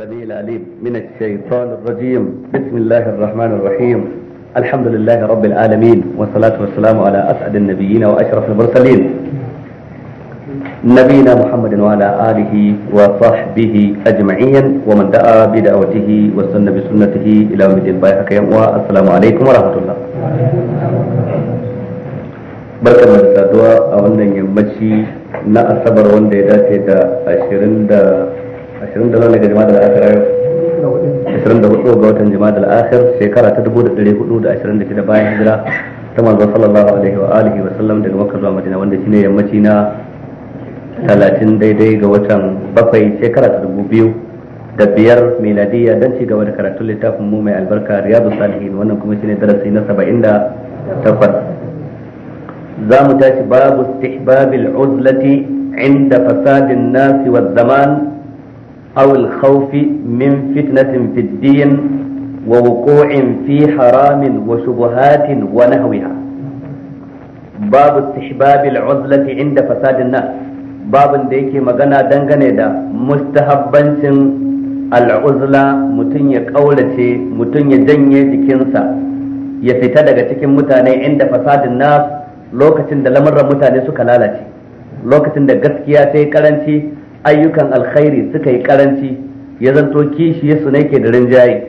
السميع العليم من الشيطان الرجيم بسم الله الرحمن الرحيم الحمد لله رب العالمين والصلاة والسلام على أسعد النبيين وأشرف المرسلين نبينا محمد وعلى آله وصحبه أجمعين ومن دعا بدعوته وسن بسنته إلى يوم الدين بايحك والسلام عليكم ورحمة الله بركة من السادوة أولا يمشي na وندي ذاتي ashirin da nawa ne ga jama'a da akhir yau ashirin da hudu ga watan jama'a da akhir shekara ta dubu da ɗari hudu da ashirin da shida bayan hijira ta manzo sallallahu alaihi wa alihi wa sallam daga makka zuwa madina wanda shine yammaci na talatin daidai ga watan bakwai shekara ta dubu biyu da biyar miladiya don ci gaba da karatun littafin mu mai albarka riyadu salihin wannan kuma shine darasi na saba'in da takwas za mu tashi babu istihbabil uzlati inda fasadin nasi wa zaman أو الخوف من فتنة في الدين ووقوع في حرام وشبهات ونهوها باب استحباب العزلة عند فساد الناس babin da yake magana dangane da mustahabbancin al'uzla mutum ya ƙaurace mutum ya janye jikinsa ya fita daga cikin mutane inda fasadin nas lokacin da lamarran mutane suka lalace lokacin da gaskiya ta yi karanci ayyukan alkhairi suka yi karanci ya zanto kishi su ne ke da rinjaye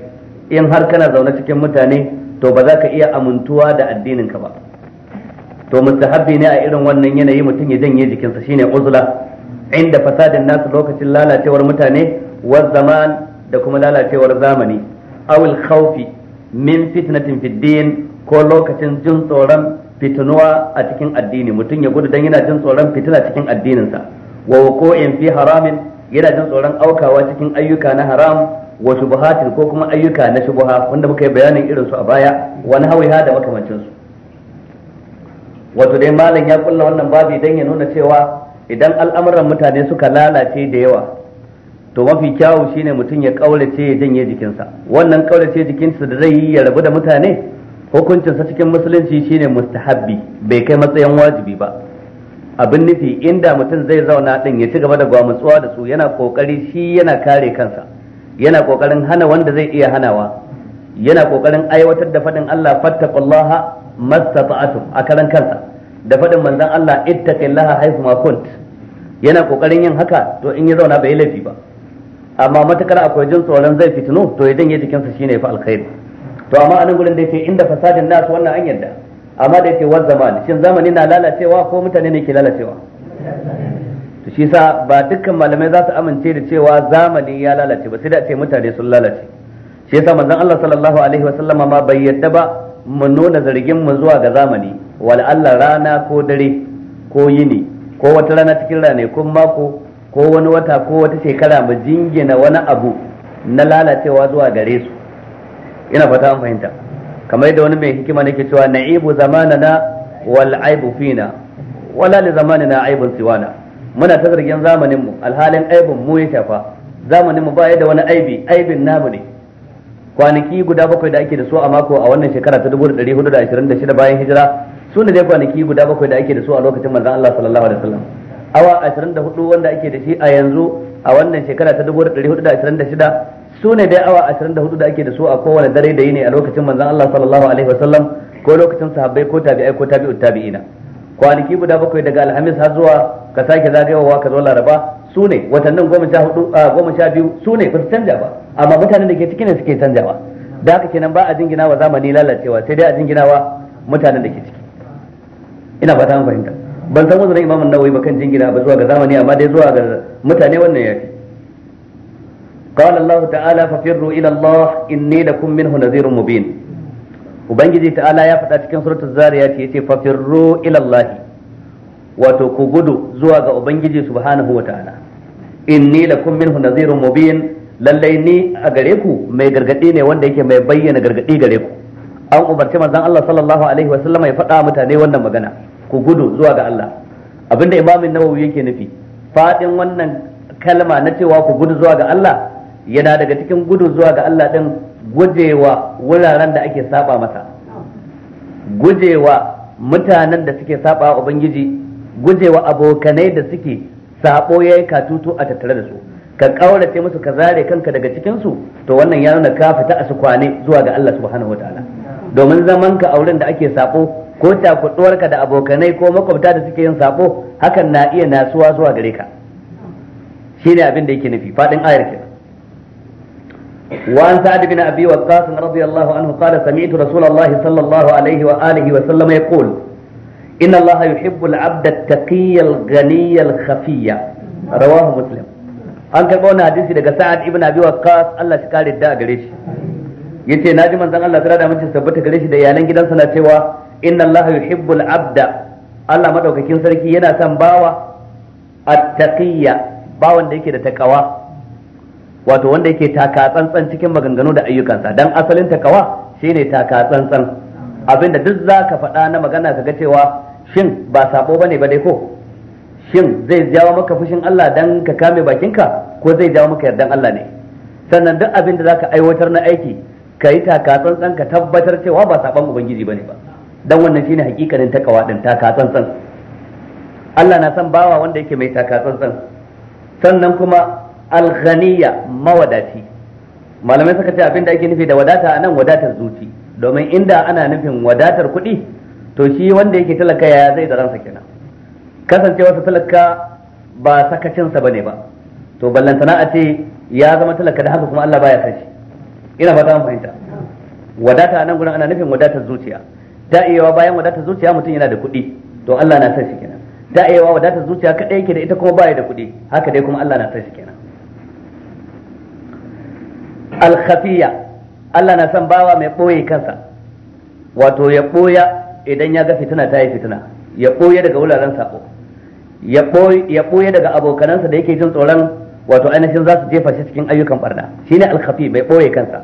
in har kana zaune cikin mutane to ba za ka iya amintuwa da addinin ka ba to mustahabbi ne a irin wannan yanayi mutum ya janye jikinsa shine uzula. inda fasadin nasu lokacin lalacewar mutane wa zaman da kuma lalacewar zamani awil khawfi min fitnatin fid din ko lokacin jin tsoron fitinuwa a cikin addini mutum ya gudu dan yana jin tsoron fitina cikin addininsa wa wuqu'in fi haramin yana jin tsoron aukawa cikin ayyuka na haram wa shubuhatin ko kuma ayyuka na shubuha wanda muka yi bayanin irin su a baya wani hawiha da makamancin su wato dai malam ya kulla wannan babu dan ya nuna cewa idan al'amuran mutane suka lalace da yawa to mafi kyawu shine mutum ya kaurace ya janye jikinsa wannan kaurace jikinsa da zai yi ya rabu da mutane hukuncinsa cikin musulunci shine mustahabbi bai kai matsayin wajibi ba abin nufi inda mutum zai zauna din ya ci gaba da gwamutsuwa da su yana kokari shi yana kare kansa yana kokarin hana wanda zai iya hanawa yana kokarin aiwatar da faɗin Allah fattaqullaha mastata'tum a karan kansa da fadin manzon Allah ittaqillaha Laha ma kunt yana kokarin yin haka to in ya zauna bai laifi ba amma matakar akwai jin tsoron zai fitinu, to ya janye jikinsa shine fa alkhairi to amma anan gurin da yake inda fasadin nasu wannan an yadda amma da yake wani zamani shin zamani na lalacewa ko mutane ne ke lalacewa to shi sa ba dukkan malamai za su amince da cewa zamani ya lalace ba sai da ce mutane sun lalace shi yasa manzon Allah sallallahu alaihi wa sallama ma bai yadda ba mu nuna zargin mu zuwa ga zamani wal Allah rana ko dare ko yini ko wata rana cikin ko mako ko wani wata ko wata shekara mu jingina wani abu na lalacewa zuwa gare su ina fata an fahimta kamar yadda wani mai hikima ne ke cewa na'ibu zamanana wal aibu fina wala li zamanina aibun siwana muna ta zargin zamanin mu alhalin aibun mu ya shafa zamanin mu ba da wani aibi aibin namu ne kwanaki guda bakwai da ake da su a mako a wannan shekara ta 1426 bayan hijira su ne dai kwanaki guda bakwai da ake da su a lokacin manzon Allah sallallahu alaihi wasallam awa 24 wanda ake da shi a yanzu a wannan shekara ta 1426 su ne dai awa 24 da ake da su a kowane dare da yi ne a lokacin manzon Allah sallallahu alaihi wasallam ko lokacin sahabbai ko tabi'ai ko tabi'ut tabi'ina kwanaki guda bakwai daga alhamis har zuwa ka sake zagayowa ka zo laraba su ne watannin goma sha hudu goma sha biyu su ne ba su canja ba amma mutanen da ke cikin ne suke canjawa da haka kenan ba a jingina wa zamani lalacewa sai dai a jingina wa mutanen da ke ciki ina fata an fahimta ban san wazanin imamun nawawi ba kan jingina ba zuwa ga zamani amma dai zuwa ga mutane wannan yafi قال الله تعالى ففروا الى الله اني لكم منه نذير مبين ubangiji ta'ala ya faɗa cikin suratul zariyat yace fafirru ila Allah wato ku gudu zuwa ga ubangiji subhanahu wata'ala inni lakum minhu nadhirun mubin lallai ni a gare ku mai gargadi ne wanda yake mai bayyana gargadi gare ku an umarci manzon Allah sallallahu alaihi wasallam ya faɗa mutane wannan magana ku gudu zuwa ga Allah abinda imamin nawawi yake nufi fadin wannan kalma na cewa ku gudu zuwa ga Allah yana daga cikin gudu zuwa ga Allah din gujewa wuraren da ake saba masa gujewa mutanen da suke saba wa ubangiji gujewa abokanai da suke sabo yayi katutu a tattare da su ka kaurace musu ka zare kanka daga cikin su to wannan ya nuna ka fita a sukwane kwane zuwa ga Allah subhanahu wataala domin zaman ka auren da ake sabo ko takuduwarka da abokanai ko makwabta da suke yin sabo hakan na iya nasuwa zuwa gare ka shine abin da yake nufi fadin ayar وعن سعد بن أبي وقاص رضي الله عنه قال سمعت رسول الله صلى الله عليه وآله وسلم يقول إن الله يحب العبد التقي الغني الخفي رواه مسلم an karɓo wani hadisi daga sa'ad ibn abi waqqas Allah shi kare da gare shi yace naji manzon Allah tare da mace tabbata gare shi da iyalan gidansa na cewa inna Allah yuhibbul abda Allah madaukakin sarki yana son bawa at-taqiyya bawan da yake da takawa wato wanda yake taka tsantsan cikin maganganu da ayyukansa dan asalin kawa shine taka tsantsan abinda duk zaka faɗa na magana kaga cewa shin ba sabo bane ba dai ko shin zai jawo maka fushin Allah dan ka kame bakinka ko zai jawo maka yardan Allah ne sannan duk abin zaka aiwatar na aiki ka yi taka tsantsan ka tabbatar cewa ba saban ubangiji bane ba dan wannan shine hakikanin takawa din taka tsantsan Allah na san bawa wanda yake mai taka tsantsan sannan kuma alghaniya mawadaci malamai suka ce abinda ake nufi da wadata a nan wadatar zuci domin inda ana nufin wadatar kuɗi to shi wanda yake talaka ya zai da ransa kenan kasancewa ta talaka ba sakacinsa ba ne ba to ballantana a ce ya zama talaka da haka kuma Allah baya san shi ina fata mun fahimta wadata a nan gurin ana nufin wadatar zuciya da iyawa bayan wadatar zuciya mutum yana da kuɗi to Allah na san shi kenan da iyawa wadatar zuciya kadai yake da ita kuma baya da kuɗi haka dai kuma Allah na san shi kenan alkhafiya Allah na son bawa mai ɓoye kansa wato ya ɓoya idan ya ga fitina ta yi fitina ya ɓoye daga wuraren sako ya ɓoye daga abokanansa da yake jin tsoron wato ainihin za su jefa shi cikin ayyukan barna shine alkhafi mai ɓoye kansa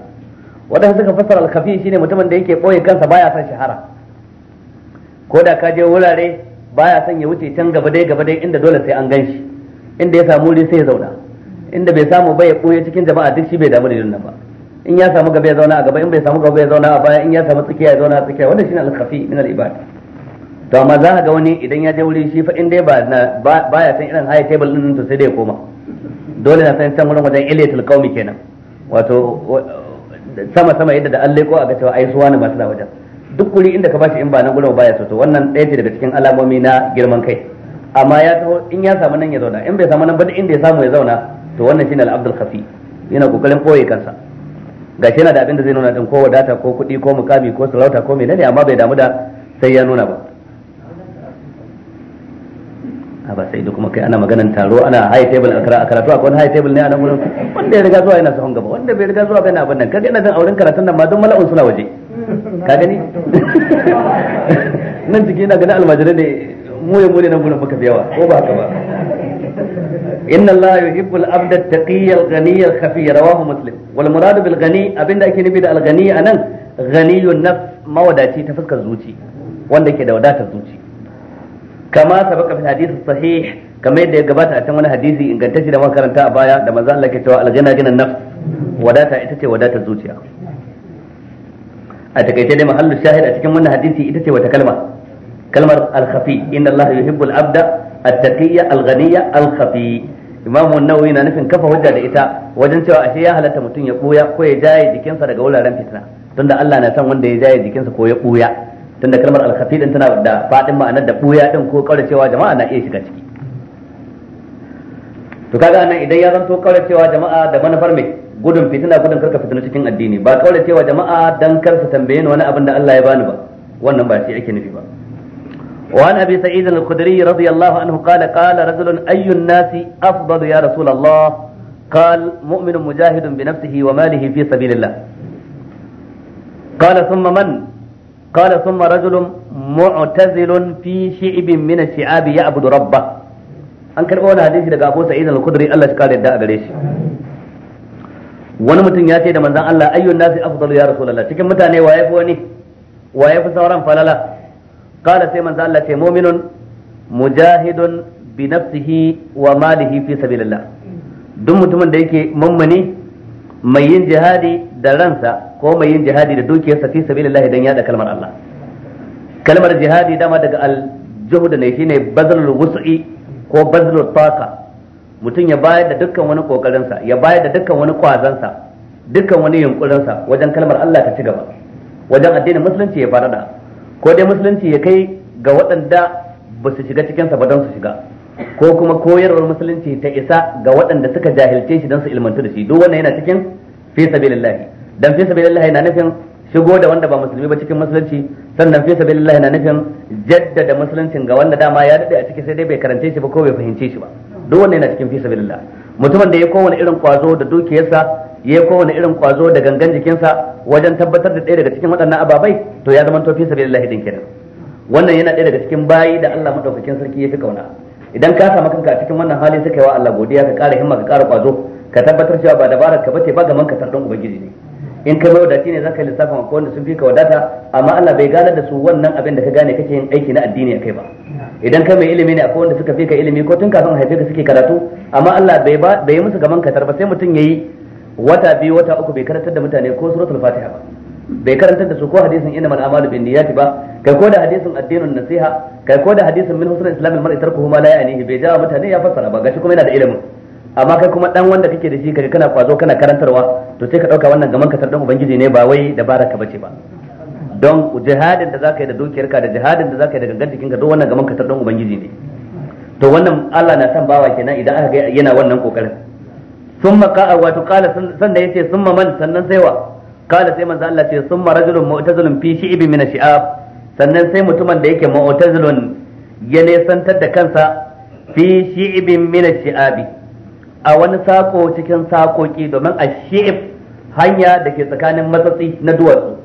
wadanda suka fassara alkhafi shine mutumin da yake ɓoye kansa baya son shahara ko da ka je wurare baya son ya wuce can gaba dai gaba dai inda dole sai an gan shi inda ya samu wuri sai ya zauna inda bai samu ba ya cikin jama'a duk shi bai damu da irin nan ba in ya samu gaba ya zauna a gaba in bai samu gaba ya zauna a baya in ya samu tsakiya ya zauna a tsakiya wannan shine al-khafi min al-ibad to amma za ka ga wani idan ya je wuri shi fa in dai ba ya san irin high table din to sai dai ya koma dole na san can wurin wajen ilatul qaumi kenan wato sama sama yadda da Allah ko a ga cewa ai suwa ne masu da wajen duk wuri inda ka bashi in ba nan gurin baya so to wannan ɗaya ce daga cikin alamomi na girman kai amma ya taho in ya samu nan ya zauna in bai samu nan ba inda ya samu ya zauna to wannan shine al-abdul khafi yana kokarin boye kansa gashi yana da abin da zai nuna din ko wadata ko kuɗi ko mukami ko sarauta ko menene amma bai damu da sai ya nuna ba a ba sai da kuma kai ana maganan taro ana high table a karatu akwai wani high table ne a nan wurin wanda ya riga zuwa yana sahun gaba wanda bai riga zuwa bai na abin nan kaga ina jin auren karatun nan ma don mala'un suna waje ka gani nan ciki ina ganin almajirai ne mu ya mu ne nan gurin yawa ko ba haka ba inna Allah yuhibbul abda taqiyyal ghaniyal khafi rawahu muslim wal muradu bil ghani abinda ake nufi da al ghani anan ghaniyun nafs mawadaci ta fuskar zuci wanda ke da wadatar zuci kama sabaka fi hadith sahih kamar yadda ya gabata a can wani hadisi ingantacce da makaranta a baya da manzo Allah ke cewa al ghana ghanan wadata ita ce wadatar zuciya a takaice dai mahallu shahid a cikin wannan ita ce wata kalma kalmar al inna abda at-taqiyya imamu nawawi na nufin kafa hujja da ita wajen cewa ashe ya halatta mutum ya buya ko ya jaye jikinsa daga wuraren fitina tunda Allah na san wanda ya jaye jikinsa ko ya buya tunda kalmar al din tana da fadin ma'anar da buya din ko kauracewa jama'a na iya shiga ciki to kaga anan idan ya zanto kauracewa jama'a da manufar mai gudun fitina gudun karka fitina cikin addini ba kauracewa jama'a dan kar ni wani abin da Allah ya bani ba wannan ba shi ake nufi ba وعن ابي سعيد الخدري رضي الله عنه قال قال رجل اي الناس افضل يا رسول الله قال مؤمن مجاهد بنفسه وماله في سبيل الله قال ثم من قال ثم رجل معتزل في شعب من الشعاب يعبد ربه an karɓo wani hadisi daga Abu Sa'id al-Khudri Allah shi kare yadda a gare shi wani mutum ya ce da manzon Allah ayyun nasi afdalu ya rasulullah cikin mutane waye fi wani waye fi sauran falala qala sai manzo Allah ce mu'minun mujahidun bi wa malihi fi sabilillah duk mutumin da yake mummuni mai yin jihadi da ransa ko mai yin jihadi da dukiyarsa fi sabilillah dan yada kalmar Allah kalmar jihadi dama daga al-juhd ne shine bazlul wus'i ko bazlul taqa mutum ya bayar da dukkan wani kokarinsa ya bayar da dukkan wani kwazansa dukkan wani yunkurinsa wajen kalmar Allah ta ci gaba wajen addinin musulunci ya farada ko dai musulunci ya kai ga waɗanda ba su shiga cikinsa ba don su shiga ko kuma koyarwar musulunci ta isa ga waɗanda suka jahilce shi don su ilmantu da shi duk wannan yana cikin fi sabilillahi dan fi sabilillahi na nufin shigo da wanda ba musulmi ba cikin musulunci sannan fi sabilillahi na nufin jaddada musuluncin ga wanda dama ya dade a ciki sai dai bai karance shi ba ko bai fahimce shi ba duk wannan yana cikin fi sabilillah mutumin da ya kowane irin kwazo da dukiyarsa yayi kowane irin kwazo da gangan jikinsa wajen tabbatar da ɗaya daga cikin waɗannan ababai to ya zama tofi sabilillahi din kenan wannan yana ɗaya daga cikin bayi da Allah madaukakin sarki ya fi kauna idan ka samu kanka a cikin wannan hali sai wa Allah godiya ka ƙara himma ka ƙara kwazo ka tabbatar cewa ba dabarar ka bace ba gaman ka tardan ubangiji ne in ka bai wadaci ne zaka lissafa ma kowanne sun fi ka wadata amma Allah bai gane da su wannan abin da ka gane kake yin aiki na addini kai ba idan ka mai ilimi ne akwai wanda suka fi ka ilimi ko tun kafin haife ka suke karatu amma Allah bai ba bai musu gaman katar ba sai mutum yayi wata biyu wata uku bai karantar da mutane ko suratul fatiha ba bai karantar da su ko hadisin inna mal amalu bin niyyati ba kai ko da hadisin addinun nasiha kai ko da hadisin min husnul islam mar'i tarkuhu ma la ya'nihi bai jawa mutane ya fassara ba gashi kuma yana da ilimin amma kai kuma dan wanda kake da shi kaje kana kwazo kana karantarwa to sai ka dauka wannan gaman ka tardan ubangiji ne ba wai dabara ka bace ba don jihadin da zaka yi da dukiyarka da jihadin da zaka yi da gangan jikinka duk wannan gaman ka tardan ubangiji ne to wannan Allah na san bawa kenan idan aka ga yana wannan kokarin summa ka wato kala sannan yace summa man sannan sai wa kala sai manzo Allah ce summa rajulun mu'tazilun fi shi'bi min ash sannan sai mutumin da yake mu'tazilun ya ne nesantar da kansa fi shi'bin min ash-shi'abi a wani sako cikin sakoki domin ash-shi'b hanya da ke tsakanin matsatsi na duwatsu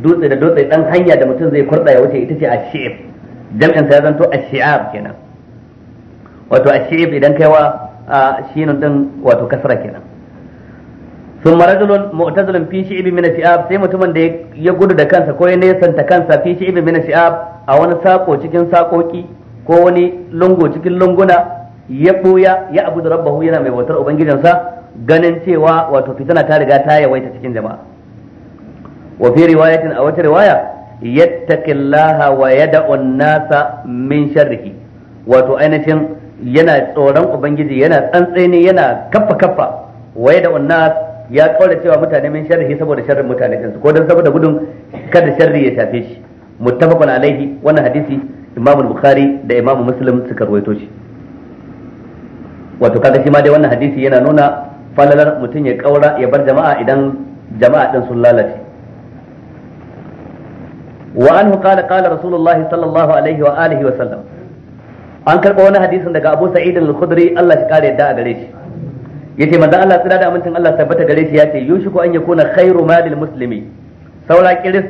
dutse da dutse dan hanya da mutum zai kurda ya wuce ita ce ash-shi'b jam'in sa ya zanto ash-shi'ab kenan wato ash-shi'b idan kaiwa a shinun din wato kasara kenan sun marajulun mu'tazilun fi شعب من الشعاب sai mutumin da ya gudu da kansa ko ya nesanta kansa fi shi'ib min shi'ab a wani sako cikin sakoki ko wani lungo cikin lunguna ya buya ya abu da rabbahu yana mai bautar ubangijinsa ganin cewa wato fitana ta riga ta yawaita cikin jama'a wa fi riwayatin a wata riwaya yattaqillaha wa yad'u an-nasa min sharrihi wato ainihin yana tsoron ubangiji yana tsantseni yana kaffa kaffa waye da unnas ya kaura cewa mutane min sharri saboda sharrin mutane din ko dan saboda gudun kada sharri ya shafe shi muttafaqun alaihi wannan hadisi imamu bukhari da imamu muslim suka ruwaito shi wato kaga shi ma dai wannan hadisi yana nuna falalar mutum ya kaura ya bar jama'a idan jama'a din sun lalace وعنه قال قال رسول الله صلى الله عليه وآله وسلم an karɓa wani hadisin daga Abu Sa'id al-Khudri Allah shi kare yadda a gare shi yace manzo Allah tsira da amincin Allah tabbata gare shi yace yushiku an yakuna khairu malil muslimi saura kiris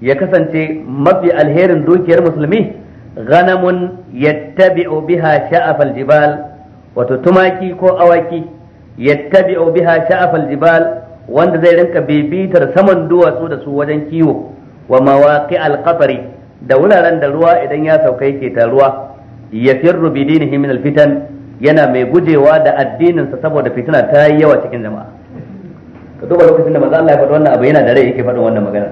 ya kasance mafi alherin dukiyar musulmi ganamun yattabi'u biha sha'afal jibal wato tumaki ko awaki yattabi'u biha sha'afal jibal wanda zai rinka bibitar saman duwatsu da su wajen kiwo wa mawaqi al da wuraren da ruwa idan ya sauka yake taruwa yafirru bi dinihi min alfitan yana mai gujewa da addinin sa saboda fitina ta yi yawa cikin jama'a ka duba lokacin da manzo Allah ya faɗa wannan abu yana da rai yake faɗin wannan magana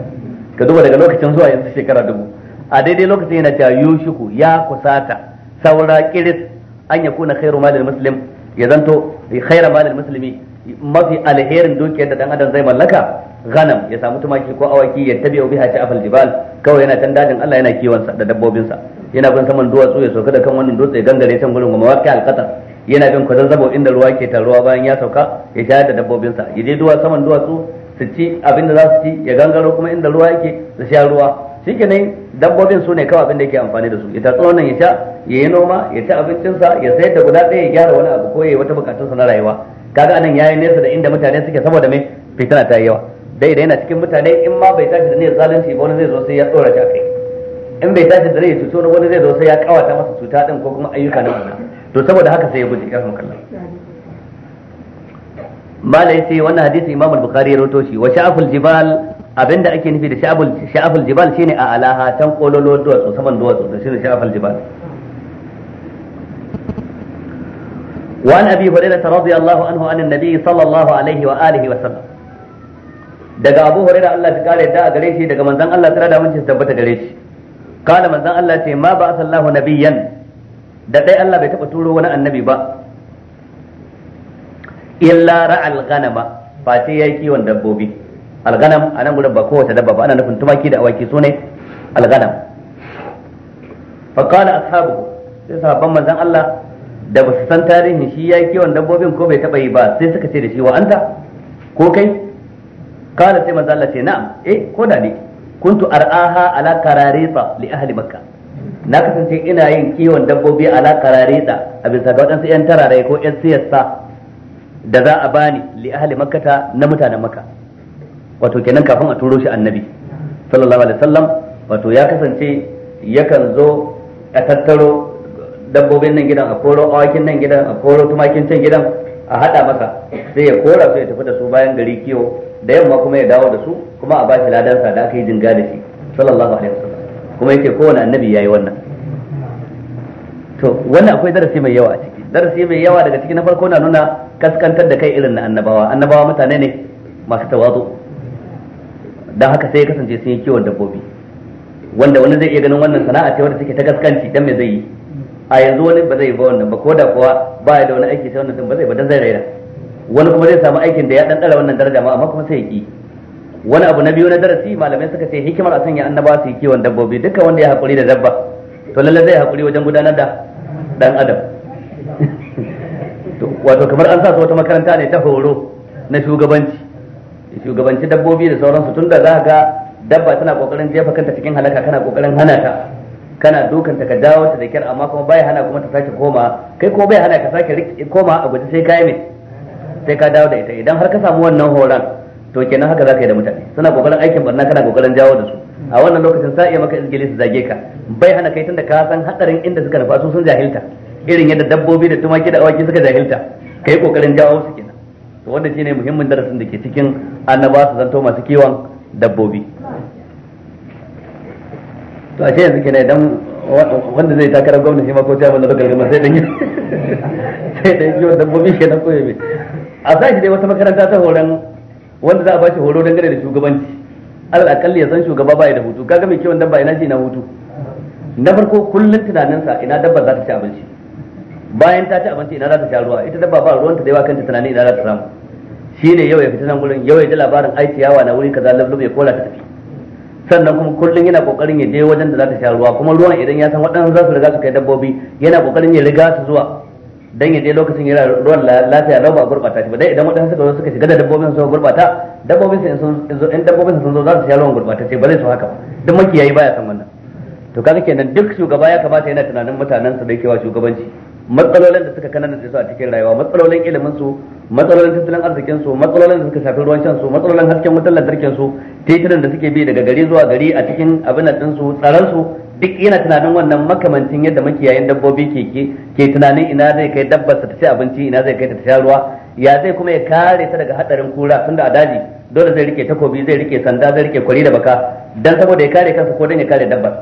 ka duba daga lokacin zuwa yanzu shekara dubu a daidai lokacin yana cewa yushiku ya kusata saura kiris an yakuna khairu malil muslim ya zanto khairu malil muslimi mafi alherin dukiyar da dan adam zai mallaka ganam ya samu tumaki ko awaki ya tabi'u biha ta afal jibal kawai yana tan dadin Allah yana kiwon sa da dabbobin sa yana bin saman duwatsu ya sauka da kan wannan dutse gangare can gurin goma waƙi alƙatar yana bin kwadan zabo inda ruwa ke taruwa bayan ya sauka ya shayar da dabbobinsa ya je duwa saman duwatsu su ci abin da za su ci ya gangaro kuma inda ruwa yake su sha ruwa shikenan dabbobin su ne kawai abin da yake amfani da su ya tatsi wannan ya sha ya yi noma ya ci abincinsa ya sayar da guda ɗaya ya gyara wani abu ko ya yi wata bukatunsa na rayuwa kaga anan yi nesa da inda mutane suke saboda mai fitina ta yawa dai da yana cikin mutane in ma bai tashi da niyyar zalunci ba wani zai zo sai ya tsora a kai in bai tashi da rai ya cuto wani zai zo sai ya kawata masa cuta din ko kuma ayyuka na wannan to saboda haka sai ya guje kafin kallon mala yace wannan hadisi imam al-bukhari ya rawato shi wa sha'ful jibal abinda ake nufi da sha'ful sha'ful jibal shine a alaha tan kololo duwatsu saman duwatsu da shine sha'ful jibal وعن ابي هريره رضي الله عنه عن النبي صلى الله عليه wa وسلم daga abu hurairah Allah ta kare da gare shi daga manzon Allah tare da mun tabbata gare shi kala manzan Allah ce ma ba sallahu nabiyan da dai Allah bai taba turo wani annabi ba illa ra'al ganama ba ta yayi kiwon dabbobi al'ganam a anan gudun ba kowace dabba ba ana nufin tumaki da awaki sune ne alganam fa qala ashabu sai sahabban manzan Allah da ba su san tarihin shi ya kiwon dabbobin ko bai taba yi ba sai suka ce da shi wa anta ko kai kala sai manzan Allah ce na'am eh ko da ne kuntu ar'aha ala kararita li ahli makka na kasance ina yin kiwon dabbobi ala kararita a bisa ga wadansu yan tarare ko yan siyasa da za a bani li ahli makkata na mutanen makka wato kenan kafin a turo shi annabi sallallahu alaihi wasallam wato ya kasance yakan zo a tattaro dabbobin nan gidan a koro awakin nan gidan a koro tumakin can gidan a hada maka sai ya kora su ya tafi da su bayan gari kiwo da yamma kuma ya dawo da su kuma a bashi ladansa da aka yi jinga da shi sallallahu alaihi wasallam kuma yake kowane annabi yayi wannan to wannan akwai darasi mai yawa a ciki darasi mai yawa daga ciki na farko na nuna kaskantar da kai irin na annabawa annabawa mutane ne masu tawazu dan haka sai ya kasance sun yi kiwon dabbobi wanda wani zai iya ganin wannan sana'a ce wanda take ta gaskanci dan me zai yi a yanzu wani ba zai ba wannan ba ko da kuwa ba ya da wani aiki sai wannan ba zai ba dan zai raira. wani kuma zai samu aikin da ya ɗanɗara wannan daraja ma amma kuma sai ya ki wani abu na biyu na darasi malamai suka ce hikimar a sanya annaba su yi kiwon dabbobi duka wanda ya haƙuri da dabba to lallai zai haƙuri wajen gudanar da dan adam wato kamar an sa su wata makaranta ne ta horo na shugabanci shugabanci dabbobi da sauransu tunda za ka ga dabba tana kokarin jefa kanta cikin halaka kana kokarin hana ta kana dukan ta ka dawo ta da kyar amma kuma baya hana kuma ta sake koma kai ko bai hana ka sake koma a guji sai kai mai sai ka dawo da ita idan har ka samu wannan horon to kenan haka za ka yi da mutane suna kokarin aikin barna kana kokarin jawo da su a wannan lokacin sa iya maka izgili su zage ka bai hana kai tunda ka san hadarin inda suka nufa su sun jahilta irin yadda dabbobi da tumaki da awaki suka jahilta kai kokarin jawo su kenan to wanda shine muhimmin darasin da ke cikin annaba su zanto masu kiwon dabbobi to a ce yanzu kenan idan wanda zai takarar gwamnati ma ko ta mana lokacin sai dan sai dan wa dabbobi kenan ko yabe a za shi dai wata makaranta ta horon wanda za a bashi horo dangane da shugabanci alal akalli ya san shugaba baya da hutu kaga mai kiwon dabba ina shi na hutu na farko kullun tunaninsa ina dabba za ta ci abinci bayan ta ci abinci ina za ta sha ruwa ita dabba ba ruwanta da yawa kanta tunanin ina za ta samu Shi ne yau ya fita nan gurin yau ya ji labarin ai ciyawa na wuri kaza lablub ya kola ta tafi sannan kuma kullun yana kokarin ya je wajen da za ta sha ruwa kuma ruwan idan ya san waɗannan za su riga su kai dabbobi yana kokarin ya riga su zuwa dan ya je lokacin yana ruwan lafiya lau ba gurbata shi ba dai idan wadanda suka zo suka shiga da dabbobin su gurbata dabbobin su in dabbobin sun zo za su sha ruwan gurbata ce ba zai so haka ba duk makiyayi baya san wannan to kaga kenan duk shugaba ya kamata yana tunanin mutanen su da yake wa shugabanci matsalolin da suka kanana su a cikin rayuwa matsalolin ilimin su matsalolin tattalin arzikin su matsalolin da suka shafi ruwan shan su matsalolin hasken wutar lantarkin su titunan da suke bi daga gari zuwa gari a cikin abin din su tsaran su duk yana tunanin wannan makamancin yadda makiyayin dabbobi ke ke tunanin ina zai kai dabbarsa ta ci abinci ina zai kai ta sha ruwa ya zai kuma ya kare ta daga hadarin kura tunda a daji dole zai rike takobi zai rike sanda zai rike kwari da baka dan saboda ya kare kansa ko dan ya kare dabbar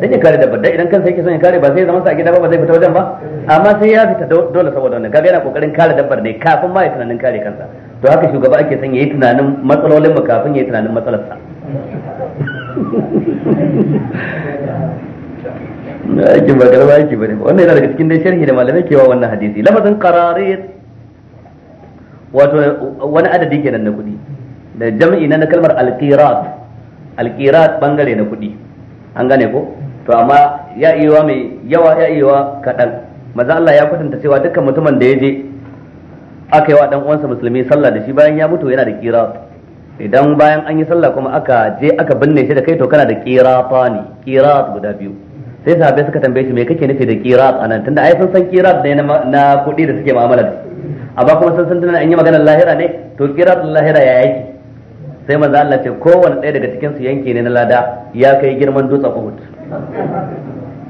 dan ya kare dabbar dan idan kansa yake son ya kare ba sai zama sa gida ba zai fita wajen ba amma sai ya fita dole saboda wannan kaga yana kokarin kare dabbar ne kafin ma ya tunanin kare kansa to haka shugaba ake son yayi tunanin matsalolin mu kafin yayi tunanin matsalarsa aikin ba karba aiki bane wannan yana daga cikin dai sharhi da malamai kewa wannan hadisi lafazin qararit wato wani adadi kenan na kuɗi da jam'i na kalmar alqirat alqirat bangare na kuɗi an gane ko to amma ya iya mai yawa ya iya kaɗan maza Allah ya kwatanta cewa dukkan mutumin da ya je aka yi wa dan uwansa musulmi sallah da shi bayan ya mutu yana da kira idan bayan an yi sallah kuma aka je aka binne shi da kai to kana da kira fani kira guda biyu sai sahabbai suka tambaye shi me kake nufi da a anan tunda ai sun san qirat ne na kuɗi da suke mu'amala da amma kuma sun san tunda an yi maganar lahira ne to qirat lahira ya yake sai manzo Allah ce kowanne ɗaya daga cikin su yanke ne na lada ya kai girman dutsen Uhud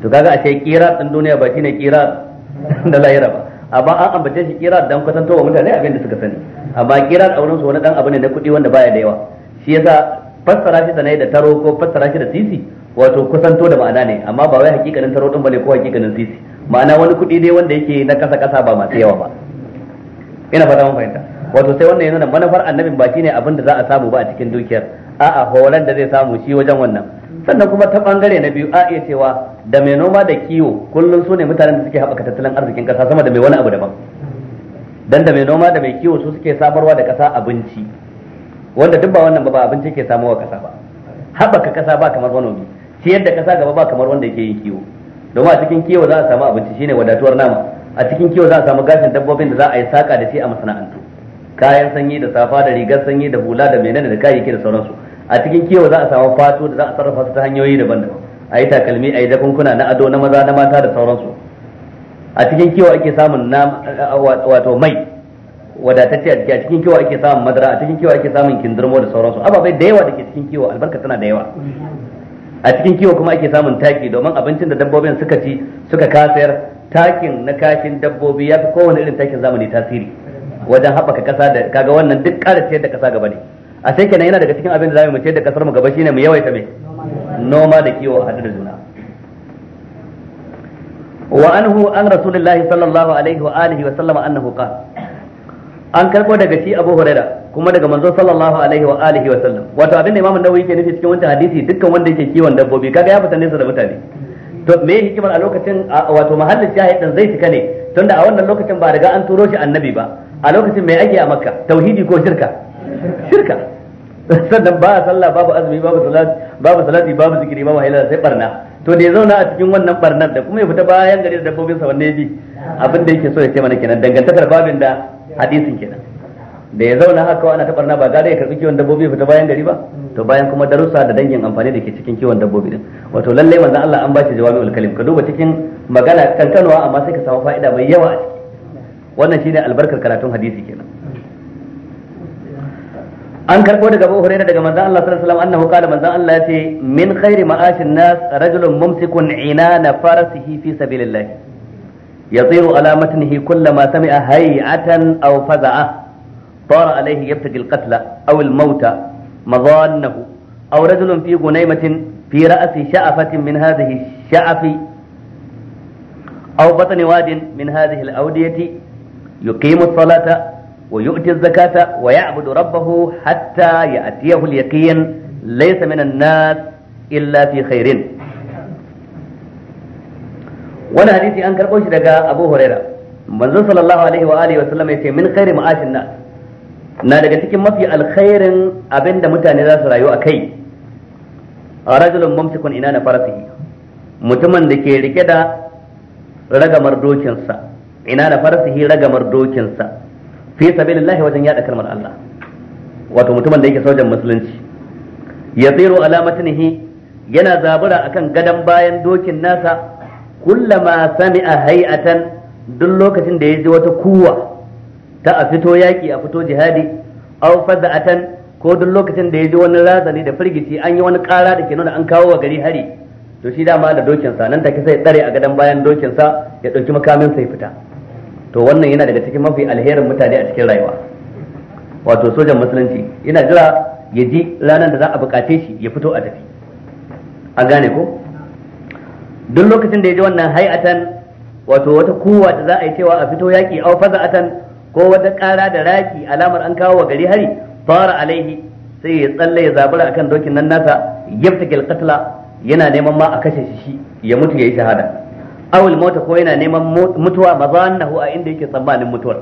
to kaga a ce qirat din duniya ba shine qirat da lahira ba amma an ambace shi qirat dan kwatantowa mutane abin da suka sani amma qirat a wurin su wani dan abu ne na kuɗi wanda baya da yawa shi yasa fassara shi sanai da taro ko fassara shi da sisi wato kusanto da ma'ana ne amma ba wai hakikanin taro din bane ko hakikanin sisi ma'ana wani kuɗi dai wanda yake na kasa kasa ba masu yawa ba ina fata mun fahimta wato sai wannan yana manufar annabin ba shine abin da za a samu ba a cikin dukiyar a'a horon da zai samu shi wajen wannan sannan kuma ta bangare na biyu a iya cewa da mai noma da kiwo kullum su ne mutanen da suke haɓaka tattalin arzikin ƙasa sama da mai wani abu daban dan da mai noma da mai kiwo su suke samarwa da kasa abinci wanda duk ba wannan ba ba abinci ke wa kasa ba haɓaka kasa ba kamar manomi ciyar da kasa gaba ba kamar wanda yake yin kiwo domin a cikin kiwo za a samu abinci shine wadatuwar nama a cikin kiwo za a samu gashin dabbobin da za a yi saka da shi a masana'antu kayan sanyi da safa da rigar sanyi da hula da menene da kayayyaki da sauransu a cikin kiwo za a samu fatu da za a sarrafa su ta hanyoyi daban-daban a yi takalmi a yi jakunkuna na ado na maza na mata da sauransu a cikin kiwo ake samun wato mai wadatacce a cikin cikin ake samun madara a cikin kiwo ake samun kindirmo da sauransu ababai da yawa da ke cikin kiwo, albarka tana da yawa a cikin kiwo kuma ake samun taki domin abincin da dabbobin suka ci suka kasayar takin na kashin dabbobi ya fi kowane irin takin zamani tasiri wajen haɓaka ƙasa da kaga wannan duk ƙara ciyar da ƙasa gaba ne a sai kenan yana daga cikin abin da zamu mu ciyar da ƙasar mu gaba shine mu yawaita mai noma da kiwo a da juna wa anhu an rasulullahi sallallahu alaihi wa alihi wa sallama annahu qala an karbo daga shi Abu Huraira kuma daga manzon sallallahu alaihi wa alihi wa sallam wato abin da Imam Nawawi yake nufi cikin wannan hadisi dukkan wanda yake kiwon dabbobi kaga ya fita su da mutane to me hikimar a lokacin wato mahallin shahid din zai tuka ne tunda a wannan lokacin ba riga an turo shi annabi ba a lokacin me ake a Makka tauhidi ko shirka shirka sannan ba sallah babu azumi babu salati babu salati babu zikiri babu halal sai barna to da ya zauna a cikin wannan barnar da kuma ya fita bayan gari da dabbobinsa wanne ya bi abin da yake so ya ce mana kenan dangantakar babin da hadisin kenan da ya zauna haka wa ana ta barna ba da ya karbi kiwon dabbobi fita bayan gari ba to bayan kuma darussa da dangin amfani da ke cikin kiwon dabbobi din wato lalle manzon Allah an bashi jawami'ul kalim ka duba cikin magana kankanwa amma sai ka samu fa'ida mai yawa a ciki wannan shine albarkar karatun hadisi kenan an karbo daga Abu Hurairah daga manzon Allah sallallahu alaihi wasallam annahu qala manzon Allah yace min khairi ma'ashin nas rajulun mumsikun inana farasihi fi sabilillah يطير على متنه كلما سمع هيئة أو فزعة طار عليه يبتغي القتل أو الموت مظانه أو رجل في غنيمة في رأس شعفة من هذه الشعف أو بطن واد من هذه الأودية يقيم الصلاة ويؤتي الزكاة ويعبد ربه حتى يأتيه اليقين ليس من الناس إلا في خير wani hadisi an karɓo shi daga Abu Huraira manzon sallallahu alaihi wa alihi wa sallam yace min khairi ma'ashin nas na daga cikin mafi alkhairin abinda mutane za su rayu a kai rajulun mumsikun ina na farasihi mutumin da ke rike da ragamar dokinsa ina na farasihi ragamar dokinsa fi sabilillahi wajen yada kalmar Allah wato mutumin da yake sojan musulunci ya tsiro alamatinihi yana zabura akan gadan bayan dokin nasa kullama sami'a hay'atan duk lokacin da ya ji wata kuwa ta a fito yaƙi a fito jihadi aw faza'atan ko duk lokacin da ya ji wani razani da firgici an yi wani kara da ke nuna an kawo wa gari hari to shi dama da dokinsa nan take sai tsare a gadon bayan sa ya ɗauki makamin sai fita to wannan yana daga cikin mafi alherin mutane a cikin rayuwa wato sojan musulunci yana jira ya ji ranar da za a bukace shi ya fito a tafi an gane ko duk lokacin da ya ji wannan hai'atan wato wata kowa da za a yi cewa a fito yaƙi yaki aw atan ko wata ƙara da raki alamar an kawo wa gari hari fara alaihi sai ya tsalle ya zabura akan dokin nan nasa yaftakil qatla yana neman ma a kashe shi ya mutu ya yi shahada awul mota ko yana neman mutuwa mazannahu a inda yake tsammanin mutuwar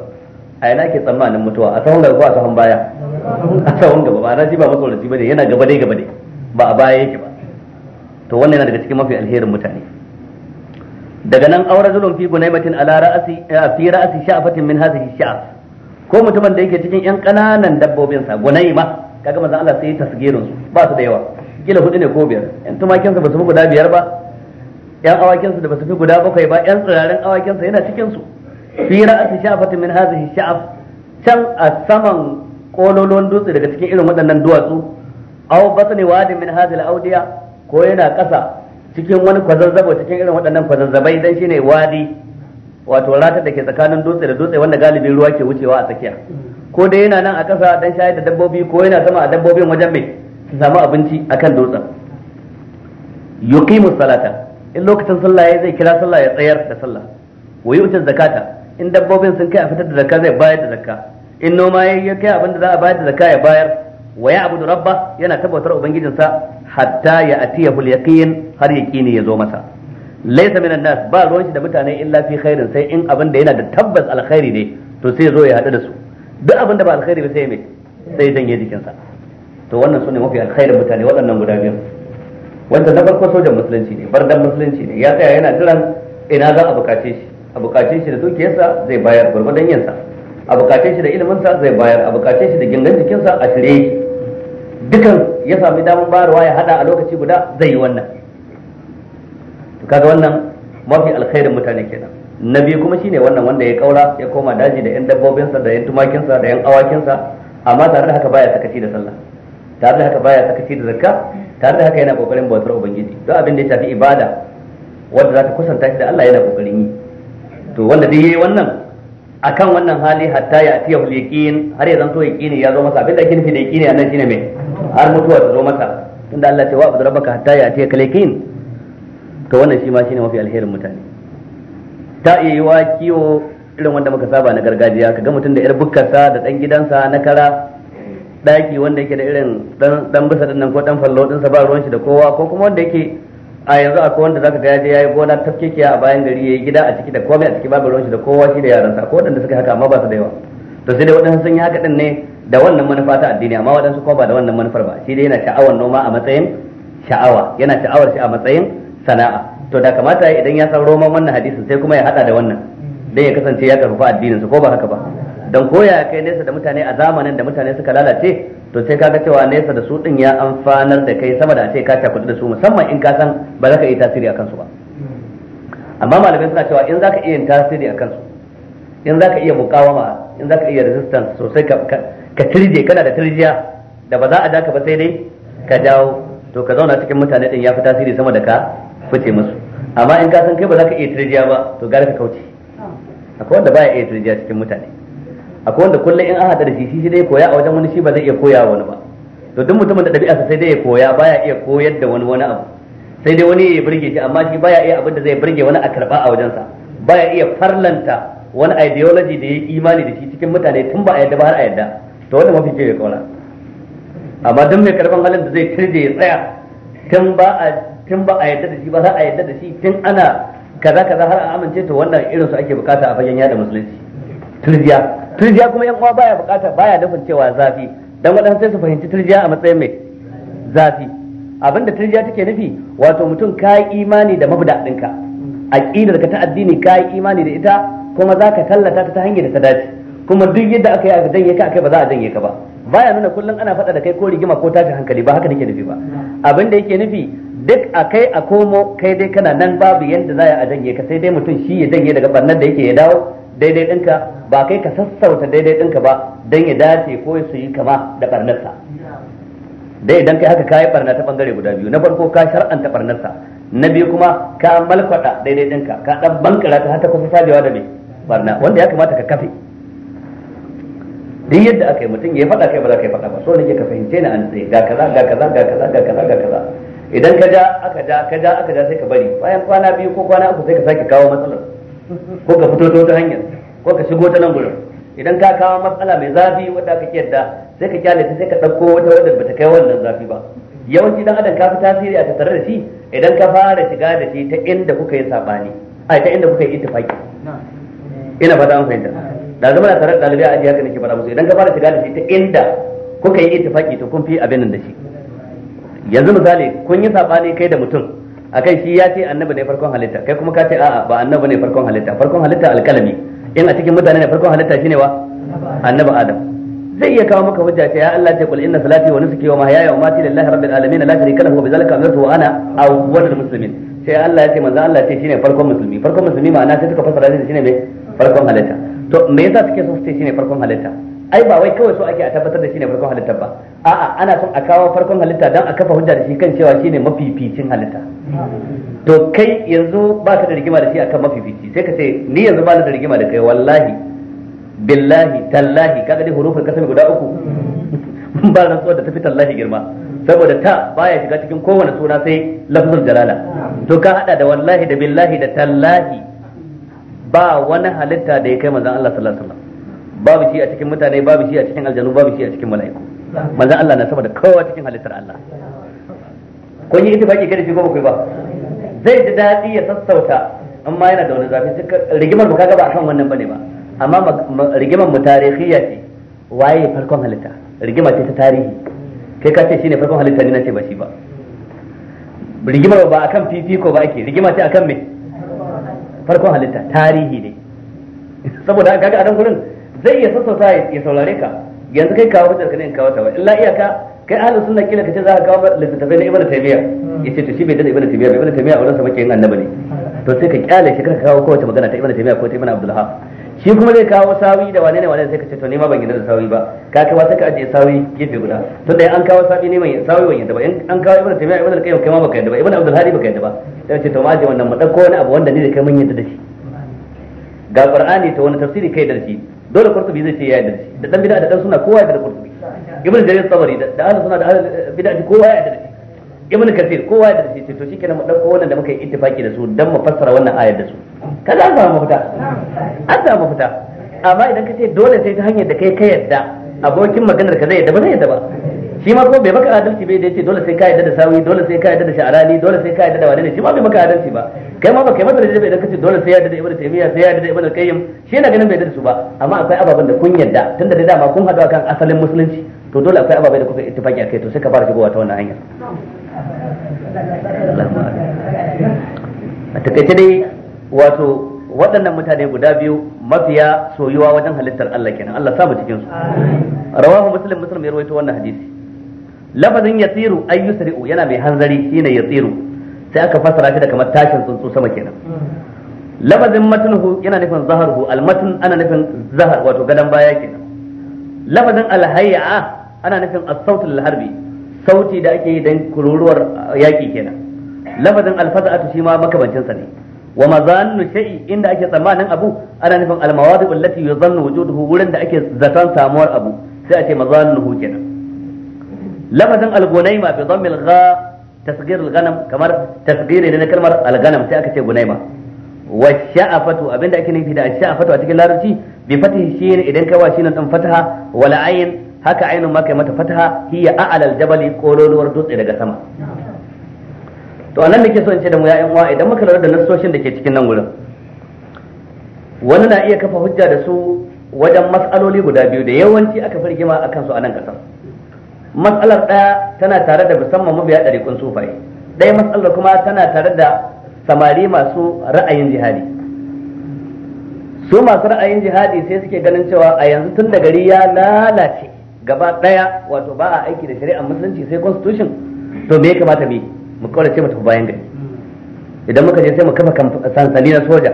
a yana ke tsammanin mutuwa a sahun gaba ko a sahun baya a sahun gaba ba na ba matsoraci bane yana gaba dai gaba dai ba a baya yake ba to wannan yana daga cikin mafi alherin mutane daga nan aure zulun fi gunaimatin ala ra'asi eh, fi ra'asi sha'afatin min hadhihi sha'af ko mutumin da yake cikin yan kananan dabbobin sa gunaima kaga manzon Allah sai ya tasgirin su ba su da yawa Gila hudu ne ko biyar yan tumakin sa ba su fi guda biyar ba yan awakin sa da ba su fi guda bakwai ba yan tsirarin awakin sa yana cikin su fi ra'asi sha'afatin min hadhihi sha'af can a saman kololon dutse daga cikin irin waɗannan duwatsu aw batni wadin min hadhihi al-awdiya ko yana ƙasa cikin wani kwazazzabo cikin irin waɗannan kwazazzabai dan shine wadi wato ratar da ke tsakanin dutse da dutse wanda galibin ruwa ke wucewa a tsakiya ko dai yana nan a ƙasa dan shayar da dabbobi ko yana sama a dabbobin wajen mai su samu abinci akan dutsen yuqimu salata in lokacin sallah yayi zai kira sallah ya tsayar da sallah wa yu'ti zakata in dabbobin sun kai a fitar da zakka zai bayar da zakka in noma yayi ya kai abin da za a bayar da zakka ya bayar Waya ya abudu rabba yana tabbatar ubangijinsa hatta ya atiyahu al-yaqin har yaqini ya zo masa laysa minan nas ba ruwan shi da mutane illa fi khairin sai in abin da yana da tabbas alkhairi ne to sai ya zo ya hadu da su duk abin da ba alkhairi ba sai me sai ya janye jikinsa to wannan sune mafi alkhairin mutane waɗannan guda biyu wanda na farko sojan musulunci ne bardan musulunci ne ya tsaya yana jiran ina za a bukace shi a bukace shi da dukiyarsa zai bayar gwargwadon yinsa a bukace shi da ilimin sa zai bayar a bukace shi da gingan jikinsa a shirye dukan ya sami damar bayarwa ya hada a lokaci guda zai yi wannan to kaga wannan mafi alkhairin mutane kenan na biyu kuma shine wannan wanda ya kaura ya koma daji da yan dabbobinsa da yan tumakinsa da yan awakinsa amma tare da haka baya sakaci da sallah tare da haka baya sakaci da zakka tare da haka yana kokarin bautar ubangiji don abin da ya shafi ibada wanda za ta kusanta shi da Allah yana kokarin yi to wanda dai yayi wannan akan wannan hali hatta ya atiyahu yaqin har ya zanto yaqini ya zo masa abin da ake nufi da yaqini anan shine mai har mutuwa ta zo masa tunda Allah ce wa abu rabbaka hatta ya ce kalakin to wannan shi ma shine mafi alherin mutane ta iya yiwa kiwo irin wanda muka saba na gargajiya kaga mutum da yar bukkarsa da dan gidansa na kara daki wanda yake da irin dan bisa din nan ko dan fallo din sa ba ruwan shi da kowa ko kuma wanda yake a yanzu akwai wanda zaka ga yaje yayi gona tafkekiya a bayan gari yayi gida a ciki da komai a ciki babu ruwan shi da kowa shi da yaransa ko wanda suka haka amma ba su da yawa to sai dai wadannan sun yi haka din ne da wannan manufa ta addini amma waɗansu kuma ba da wannan manufar ba shi dai yana sha'awar noma a matsayin sha'awa yana sha'awar shi a matsayin sana'a to da kamata idan ya san roman wannan hadisin sai kuma ya hada da wannan dan ya kasance ya karfafa addinin su ko ba haka ba dan koya kai nesa da mutane a zamanin da mutane suka lalace to sai kaga cewa nesa da su din ya amfanar da kai sama da a ce ka kudi da su musamman in ka san ba za ka yi tasiri akan su ba amma malamai suna cewa in za ka iya yin tasiri akan su in za ka iya mukawama in za ka iya resistance sosai ka tirje kana da tirjiya da ba za a daka ba sai dai ka dawo to ka zauna cikin mutane din ya fi tasiri sama da ka fice musu amma in ka san kai ba za ka iya tirjiya ba to gara ka kauce akwai wanda baya iya tirjiya cikin mutane akwai wanda kullum in an haɗa da shi shi dai koya a wajen wani shi ba zai iya koya wani ba to duk mutumin da ɗabi'a sai dai ya koya baya iya koyar da wani wani abu sai dai wani ya burge shi amma shi baya iya abin da zai burge wani a karɓa a wajensa baya iya farlanta wani ideology da ya imani da shi cikin mutane tun ba a yadda ba har a yadda to wanda mafi ya kaura amma don mai karfin halin da zai turje ya tsaya tun ba a tun ba a yadda da shi ba za a yadda da shi tun ana kaza kaza har a amince to wannan irin su ake bukata a fagen yada musulunci turjiya turjiya kuma yan uwa baya bukata baya dafin cewa zafi dan wadansu sai su fahimci turjiya a matsayin mai zafi abinda turjiya take nufi wato mutum ka yi imani da mabda ɗinka aqidar ka ta addini ka yi imani da ita kuma za ka tallata ta hanyar da ta dace kuma duk yadda aka yi a janye ka akai ba za a janye ka ba baya nuna kullum ana faɗa da kai ko rigima ko tashin hankali ba haka nake nufi ba abin da yake nufi duk a kai a komo kai dai kana nan babu yadda za a janye ka sai dai mutum shi ya janye daga barnar da yake ya dawo daidai dinka ba kai ka sassauta daidai dinka ba don ya dace ko su yi kama da barnarsa dai idan kai haka ka yi barna ta bangare guda biyu na farko ka shar'anta barnarsa na biyu kuma ka malkwada daidai ɗinka ka ɗan bankara ta har ta kusa sajewa da mai barna wanda ya kamata ka kafe duk yadda aka yi mutum ya faɗa kai ba za ka yi faɗa ba so nake ka fahimce ni an tsaye ga kaza ga kaza ga kaza ga kaza ga kaza idan ka ja aka ja ka ja aka ja sai ka bari bayan kwana biyu ko kwana uku sai ka sake kawo matsalar ko ka fito ta wata hanyar ko ka shigo ta nan gurin idan ka kawo matsala mai zafi wanda aka yadda sai ka kyale sai ka ɗauko wata wadda bata kai wannan zafi ba yawanci dan adam ka fi tasiri a tattare da shi idan ka fara shiga da shi ta inda kuka yi sabani ai ta inda kuka yi ittifaki ina fata an fahimta da zama na tare da ɗalibai a ajiya haka nake fara musu idan ka fara shiga da shi ta inda kuka yi ittifaki to kun fi abin nan da shi yanzu misali kun yi sabani kai da mutum akan shi ya ce annabi ne farkon halitta kai kuma ka ce a'a ba annabi ne farkon halitta farkon halitta alkalami in a cikin mutane ne farkon halitta shine wa annabi adam zai iya kawo maka hujja ce ya Allah ce kul inna salati wa nusuki wa mahyaya wa mamati lillahi rabbil alamin la sharika lahu wa bizalika amirtu wa ana awwalul muslimin sai Allah ya ce manzo Allah ce shine farkon musulmi farkon musulmi ma'ana sai suka fassara shi shine me farkon halitta to me yasa suke so su ce shine farkon halitta ai ba wai kawai so ake a tabbatar da shine farkon halitta ba a'a ana son a kawo farkon halitta dan a kafa hujja da shi kan cewa shine mafificin halitta to kai yanzu ba ka da rigima da shi akan mafifici sai ka ce ni yanzu ba da rigima da kai wallahi billahi tallahi kaga dai hurufin kasam guda uku ba na so da tafi tallahi girma saboda ta baya shiga cikin kowane suna sai lafzul jalala to ka hada da wallahi da billahi da tallahi ba wani halitta da ya kai manzon Allah sallallahu alaihi wasallam babu shi a cikin mutane babu shi a cikin aljanu babu shi a cikin mala'iku manzon Allah na sama da kowa cikin halittar Allah ko yi baki kada shi ko bakwai ba zai ji dadi ya sassauta amma yana da wani zafi rigimar mu kaga ba akan wannan bane ba amma rigimar mu tarihiyya ce waye farkon halitta rigima ce ta tarihi kai ka ce shine farkon halitta ne na ce ba shi ba rigimar ba akan fifiko ba ake rigima ce akan me farkon halitta tarihi ne saboda an kaga a nan gurin zai iya sassauta ya saurare ka yanzu kai kawo hujjar ka ne kawo ta illa iyaka kai ahlus sunna kila kace za ka kawo littattafai na ibnu taymiya yace to shi bai dada ibnu taymiya ibnu taymiya auren sa bake yin annabi ne to sai ka kyale shi ka kawo kowace magana ta ibnu taymiya ko ta ibnu abdullah shi kuma zai kawo sawi da wane ne wane sai ka ce to nema ban yarda da sawi ba ka kai wata ka aje sawi gefe guda to tunda an kawo sawi ne mai sawi wani yarda ba an kawo ibnu taymiya ibnu al-qayyim kai ma baka yarda ba ibnu abdul hadi baka yarda ba sai ce to ma aje wannan mu dauko wani abu wanda ni da kai mun yarda da shi ga qur'ani to wani tafsiri kai da shi dole qurtubi zai ce ya yarda da shi da dan bid'a da dan sunna kowa ya da qurtubi ibnu jarir tabari da ahlus sunna da ahlul bid'a kowa ya da shi ibnu kathir kowa da shi to shikenan mu dauko wannan da muka yi ittifaki da su dan mu fassara wannan ayar da su kaza an samu mafita an samu mafita amma idan ka ce dole sai ta hanyar da kai ka yadda abokin maganar ka zai yadda ba zai yadda ba shi ma ko bai maka adalci bai da yace dole sai ka yadda da sawi dole sai ka yadda da sha'arani dole sai ka yadda da wani shi ma bai maka adalci ba kai ma baka yi masa da bai da kace dole sai ya yadda da ibnu taymiya sai ya yadda da ibnu qayyim shi yana ganin bai yadda da su ba amma akwai ababen da kun yadda tunda da dama kun hadu akan asalin musulunci to dole akwai ababai da kuka ittifaki akai to sai ka fara shigowa ta wannan hanyar a takaice dai wato waɗannan mutane guda biyu mafiya soyuwa wajen halittar Allah kenan Allah samu cikin su rawahu muslim muslim ya rawaito wannan hadisi lafazin yasiru ay yana mai hanzari shine yasiru sai aka fasara shi da kamar tashin tsuntsu sama kenan hmm. lafazin matnuhu yana nufin zaharuhu almatn ana nufin zahar wato gadan baya kenan lafazin alhayya ana nufin as-sautul harbi sauti da ake yi dan kururuwar uh, yaki kenan lafazin alfaza'atu shi ma makabancin sa ne wa mazannu shay'i inda ake tsammanin abu ana nufin almawadi allati yuzannu wujuduhu wurin da ake zaton samuwar abu sai a ce mazannuhu kenan lafazin algunaima fi dhammil gha tasghir alghanam kamar tasghiri ne na kalmar alghanam sai aka ce gunaima wa sha'afatu abinda ake nufi da sha'afatu a cikin larabci bi fatihi shin idan kai wa shin dan fataha wal ayn haka ainihin ma kai mata fataha hiya a'lal jabali kololuwar dutse daga sama to anan ke so in ce da mu ya'yan uwa idan muka lura da nassoshin da ke cikin nan gurin wani na iya kafa hujja da su wajen matsaloli guda biyu da yawanci aka fi rigima akan su a nan kasar matsalar ɗaya tana tare da musamman mabiya ɗari kun sufaye ɗaya matsalar kuma tana tare da samari masu ra'ayin jihadi su masu ra'ayin jihadi sai suke ganin cewa a yanzu tun da gari ya lalace gaba daya wato ba a aiki da shari'a musulunci sai constitution to me ya kamata mu mu kaurace ce tafi bayan gari idan muka je sai mu kafa sansani na soja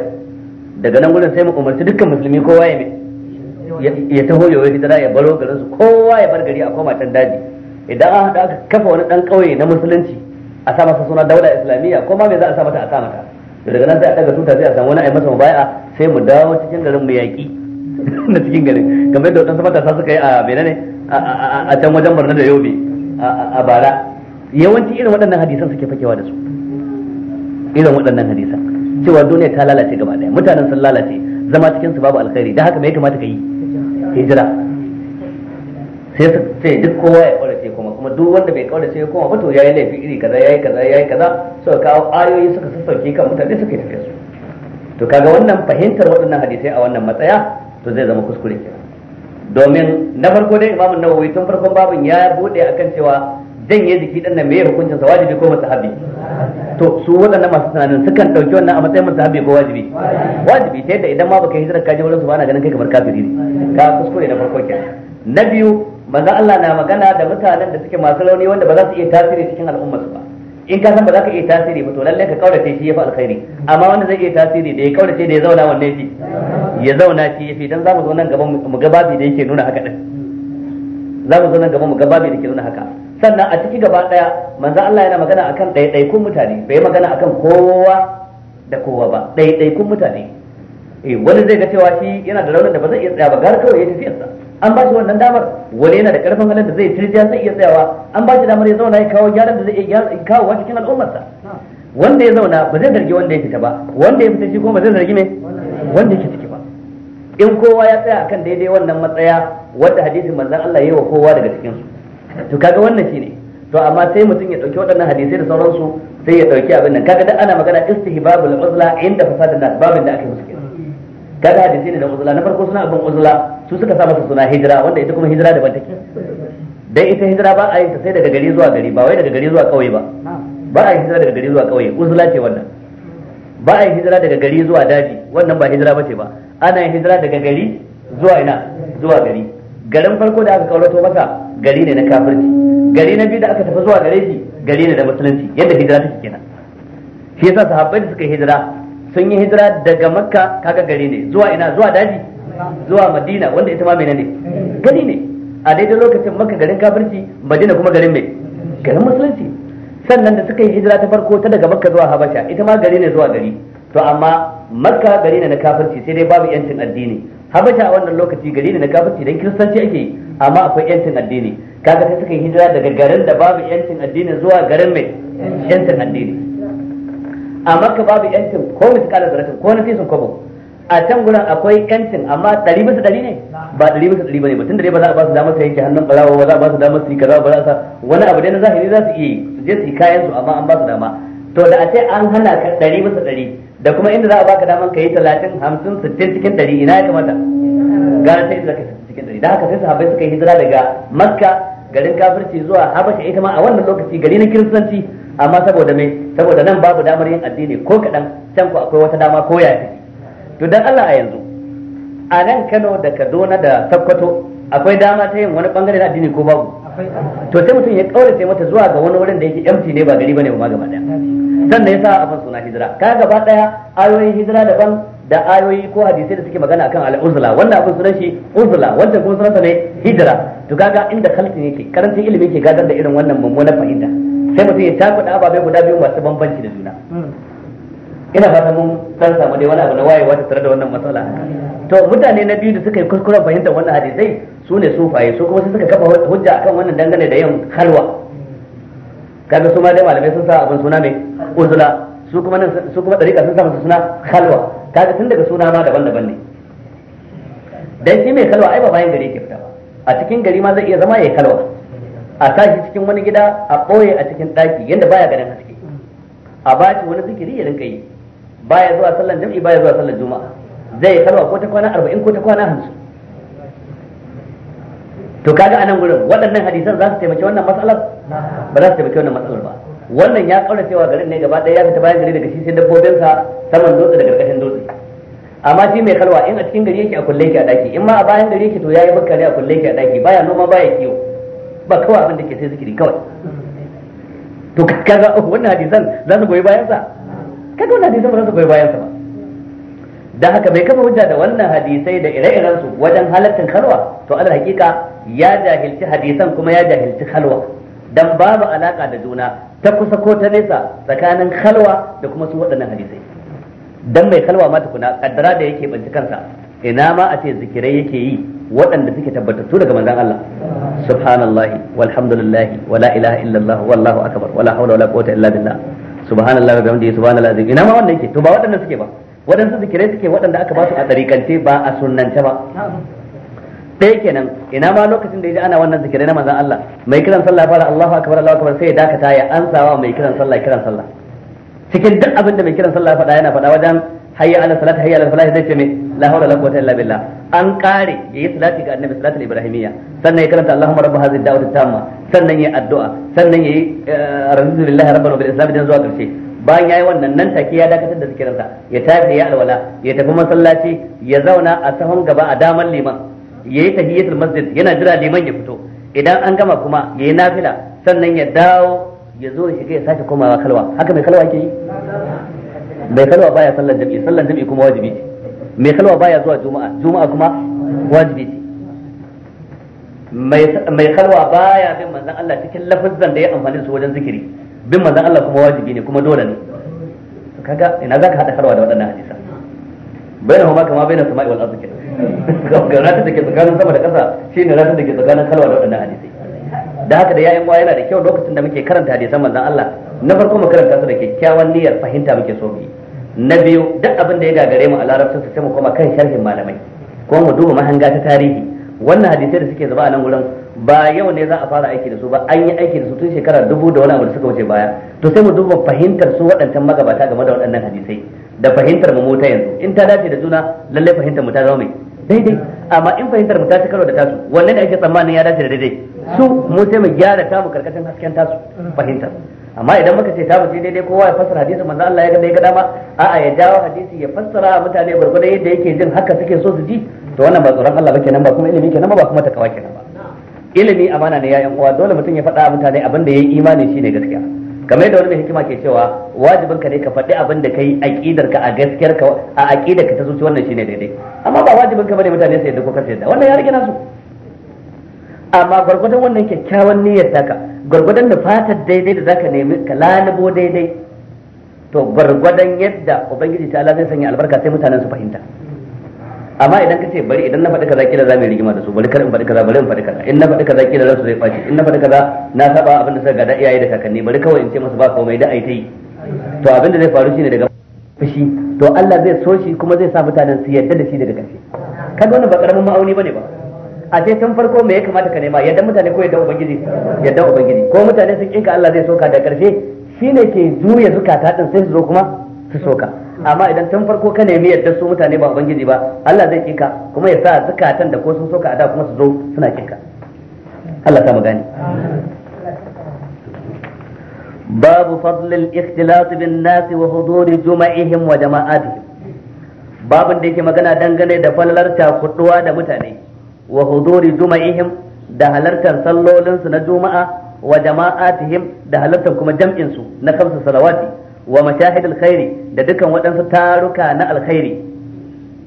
daga nan gudun sai mu umarci dukkan musulmi kowa ya ya taho ya wani ya baro garin su kowa ya bar gari a koma can daji idan an haɗa aka kafa wani ɗan ƙauye na musulunci a sa masa suna dauda islamiyya ko ma me za a sa mata a sa mata daga nan sai a daga tuta sai a samu wani a yi masa mubaya sai mu dawo cikin garin mu yaƙi na cikin garin kamar yadda wadansu matasa suka yi a menene a can wajen barna da yobe a bara yawanci irin waɗannan hadisan suke fakewa da su irin waɗannan hadisan cewa duniya ta lalace gaba ɗaya mutanen sun lalace zama cikin su babu alkhairi da haka mai ya kamata ka yi hijira sai su ce duk kowa ya kaurace kuma kuma duk wanda bai kaurace ya koma ba to yayi laifi iri kaza yayi kaza yayi kaza suka kawo ayoyi suka sassauke kan mutane suka tafi su to kaga wannan fahimtar waɗannan hadisai a wannan matsaya to zai zama kuskure kenan domin na farko dai imamun nawawi tun farkon babin ya bude akan cewa janye jiki dan nan meye hukuncin sa wajibi ko mustahabi to su waɗannan masu tunanin sukan dauki wannan a matsayin mustahabi ko wajibi wajibi ta yadda idan ma baka hijira ka je wurin su bana ganin kai kamar kafiri ne ka kuskure na farko kenan na biyu manzo Allah na magana da mutanen da suke masu rauni wanda ba za su iya tasiri cikin al'ummar su ba in ka san ba za ka iya tasiri ba to lallai ka kaurace shi ya fi alkhairi amma wanda zai iya tasiri da ya kaurace da ya zauna wanne shi ya zauna shi ya fi dan zamu zo nan gaban mu ga babi da yake nuna haka din zamu zo nan gaban mu ga babi da yake nuna haka sannan a ciki gaba daya manzo Allah yana magana akan ɗaiɗaikun mutane bai magana akan kowa da kowa ba ɗaiɗaikun mutane eh wani zai ga cewa shi yana da raunin da ba zai iya tsaya ba gar kawai ya tafi sa an ba shi wannan damar wani yana da karfin halin da zai tirjiya zai iya tsayawa an ba shi damar ya zauna ya kawo gyaran da zai iya kawo wa cikin al'ummarsa wanda ya zauna ba zai zargi wanda ya fita ba wanda ya fita shi kuma ba zai zargi ne wanda yake ciki ba in kowa ya tsaya akan daidai wannan matsaya wanda hadisin manzon Allah yayi wa kowa daga cikin su to kaga wannan shine to amma sai mutum ya dauki waɗannan hadisai da sauransu sai ya dauki abin nan kaga dan ana magana istihbabul uzla inda fasadun nas babin da aka musu kada da sai da uzula na farko suna abin uzula su suka sa masa suna hijira wanda ita kuma hijira daban take dai ita hijira ba a yi ta sai daga gari zuwa gari ba wai daga gari zuwa kauye ba ba a yi hijira daga gari zuwa kauye uzula ce wannan ba a yi hijira daga gari zuwa daji wannan ba hijira bace ba ana yin hijira daga gari zuwa ina zuwa gari garin farko da aka kaurato masa gari ne na kafirci gari na biyu da aka tafi zuwa gare shi gari ne da musulunci yadda hijira take kenan shi yasa sahabbai da suka hijira sun yi hijira daga makka kaga gari ne zuwa ina zuwa daji zuwa madina wanda ita ma menene gari ne a daidai lokacin makka garin kafirci madina kuma garin mai garin musulunci sannan da suka yi hijira ta farko ta daga makka zuwa habasha ita ma gari ne zuwa gari to amma makka gari ne na kafirci sai dai babu yancin addini habasha a wannan lokaci gari ne na kafirci dan kiristanci ake yi amma akwai yancin addini kaga sai suka yi hijira daga garin da babu yancin addini zuwa garin mai yancin addini a makka babu yancin ko miskala zaratin ko na fisun kwabo a can gurin akwai yancin amma ɗari bisa ɗari ne ba ɗari bisa ɗari bane ba tunda dai ba za a ba su damar su yanke hannun ɓarawa ba za a ba su damar su yi kaza ba za a sa wani abu dai na zahiri za su iya su je su yi kayan su amma an ba su dama to da a ce an hana ka ɗari bisa ɗari da kuma inda za a baka daman ka yi talatin hamsin sittin cikin ɗari ina ya kamata gara sai inda ka cikin ɗari da haka sai haɓe suka yi hijira daga makka garin kafirci zuwa habasha ita ma a wannan lokaci gari na kiristanci amma saboda me saboda nan babu damar yin addini ko kaɗan can ku akwai wata dama ko ya to dan Allah a yanzu a nan Kano da Kaduna da Sokoto akwai dama ta yin wani bangare na addini ko babu to sai mutum ya kaurace mata zuwa ga wani wurin da yake empty ne ba gari bane ba gaba daya sannan yasa abin suna hijira ka gaba daya ayoyin hijira daban da ayoyi ko hadisai da suke magana akan al-uzla wannan abin sunan shi uzla wanda kuma sa ne hijira to kaga inda khalqin yake karantin ilimi yake gadar da irin wannan mummunan fahimta sai mutum ya tafi da ababe guda biyu masu bambanci da juna hmm. ina fata mun san samu dai wani abu na wayewa ta tare da wannan matsala to mutane na biyu da suka yi kuskuren fahimtar wannan hadisai su ne sufaye su kuma sai suka kafa hujja akan wannan dangane da yin halwa kaga su ma dai malamai sun sa abin suna mai uzula su kuma nan su kuma dariƙa sun sa masa suna halwa kaga tun daga suna ma daban-daban ne dan shi mai halwa ai ba bayan gari ke fita ba a cikin gari ma zai iya zama ya kalwa a tashi cikin wani gida a ɓoye a cikin ɗaki yadda baya ganin haske a bashi wani zikiri ya rinka yi baya zuwa sallan jam'i baya zuwa sallan juma'a zai kalwa ko ta kwana arba'in ko ta kwana hamsin to kaga anan gurin waɗannan hadisan za su taimaki wannan matsalar ba za su taimaki wannan matsalar ba wannan ya kaura cewa garin ne gaba ɗaya ya fita bayan gari daga shi sai dabbobinsa saman dutse da ƙarƙashin dutse amma shi mai kalwa in a cikin gari yake a kulle yake a ɗaki in ma a bayan gari yake to yayi bakkare a kulle yake a ɗaki baya noma baya kiwo ba kawai abin da ke sai zikiri kawai to kaga wannan hadisan za su goyi bayansa? Ka kaga wannan hadisan ba za su goyi bayansa ba Da haka bai kafa hujja da wannan hadisai da ire-iren su wajen halattin kalwa to alal hakika ya jahilci hadisan kuma ya jahilci kalwa dan babu alaka da juna ta kusa ko ta nesa tsakanin kalwa da kuma su waɗannan hadisai dan mai kalwa ma tukuna kaddara da yake bincikansa kansa ina ma a ce zikirai yake yi waɗanda suke tabbatattu daga manzon Allah subhanallahi walhamdulillahi wala ilaha illallah wallahu akbar wala hawla wala quwwata illa billah subhanallahi wa bihamdihi subhanallahi azim ina ma wanda yake to ba waɗanda suke ba waɗansu zikirai suke waɗanda aka ba su a ɗarikance ba a sunnance ba ɗaya kenan ina ma lokacin da ya ji ana wannan zikirai na manzon Allah mai kiran sallah fara Allahu akbar Allahu akbar sai ya dakata ya ansawa mai kiran sallah kiran sallah cikin duk abin da mai kiran sallah faɗa yana faɗa wajen hayya ala salati hayya ala falahi zai ce me la hawla la quwwata illa billah an kare yayi salati ga annabi salati ibrahimiyya sannan ya karanta allahumma rabb hadhihi da'wati tamma sannan yayi addu'a sannan yayi eh, arzu lillahi rabbana bil islam dan zuwa karshe bayan yayi wannan nan take ya dakatar da zikirinsa ya tafi ya alwala ya tafi masallaci ya zauna a sahun gaba a daman liman yayi tahiyatul masjid yana jira liman ya fito idan an gama kuma yayi nafila sannan ya dawo ya zo ya shiga ya sake komawa kalwa haka mai kalwa yake yi mai salwa baya sallan jami'i sallar jami'i kuma wajibi ce mai salwa baya zuwa juma'a juma'a kuma wajibi ce mai salwa baya bin manzon Allah cikin lafazzan da ya amfani su wajen zikiri bin manzon Allah kuma wajibi ne kuma dole ne kaga ina zaka hada salwa da waɗannan hadisa bainahuma kama bainas sama'i wal ardi ga ratar da ke tsakanin sama da ƙasa shine ratar da ke tsakanin kalwa da waɗannan hadisai da haka da yayin wa yana da kyau lokacin da muke karanta hadisan manzon Allah na farko mu karanta su da kyakkyawan niyyar fahimta muke so mu na biyu duk abin da ya gagare mu a larabcin sai mu koma kan sharhin malamai ko mu duba mahanga ta tarihi wannan hadisai da suke zaba a nan gurin ba yau ne za a fara aiki da su ba an yi aiki da su tun shekara dubu da wani abu da suka wuce baya to sai mu duba fahimtar su waɗancan magabata game da waɗannan hadisai da fahimtar mu mota yanzu in ta dace da juna lallai fahimtar mu ta zama mai daidai amma in fahimtar mu ta ci karo da tasu wannan da ake tsammanin ya dace da daidai su mu sai mu gyara mu karkashin hasken tasu fahimtar amma idan muka ce ta bace daidai kowa ya fassara hadisin manzo Allah ya ga bai ga dama a'a ya jawo hadisi ya fassara mutane gurgurda yadda yake jin haka suke so su ji to wannan ba tsoron Allah ba kenan ba kuma ilimi kenan ba kuma takawa kenan ba ilimi amana ne ya yan uwa dole mutum ya faɗa mutane abin da yayi imani shine gaskiya kamar yadda wani mai hikima ke cewa wajibin ka ne ka faɗi abin da kai aqidar ka a gaskiyar ka a aqidar ka ta zuci wannan shine daidai amma ba wajibin ka bane mutane su yadda ko ka yadda wannan ya rike nasu amma gwargwadon wannan kyakkyawan niyyar daga gwargwadon da fatar daidai da zaka nemi ka lalubo daidai to gwargwadon yadda ubangiji ta Allah zai sanya albarka sai mutanen su fahimta amma idan ka ce bari idan na faɗi kaza kila za mu rigima da su bari kar in faɗi kaza bari in faɗi kaza in na faɗi kaza kila su zai faci in na faɗi kaza na saba abin da suka gada iyaye da kakanni bari kawai in ce masu ba komai da ai ta yi to abin da zai faru shine daga fushi to Allah zai so shi kuma zai sa mutanen su yadda da shi daga ƙarshe kaga wannan ba karamin ma'auni bane ba a ce tun farko me ya kamata ka nema yadda mutane ko yadda ubangiji yadda ubangiji ko mutane sun kinka Allah zai soka da karshe shine ke juya zukata din sai su zo kuma su soka amma idan tun farko ka nemi yadda su mutane ba ubangiji ba Allah zai kinka kuma ya sa zukatan da ko sun soka a da kuma su zo suna kinka Allah ta mu gane باب فضل الاختلاط بالناس وحضور جمعهم وجماعاتهم babin da yake magana dangane da falalar takuduwa da mutane wa huduri him da halartar sallolinsu na juma'a wa him da halartar kuma jam'insu na kamsu salawati wa mashahid alkhairi da dukan waɗansu taruka na alkhairi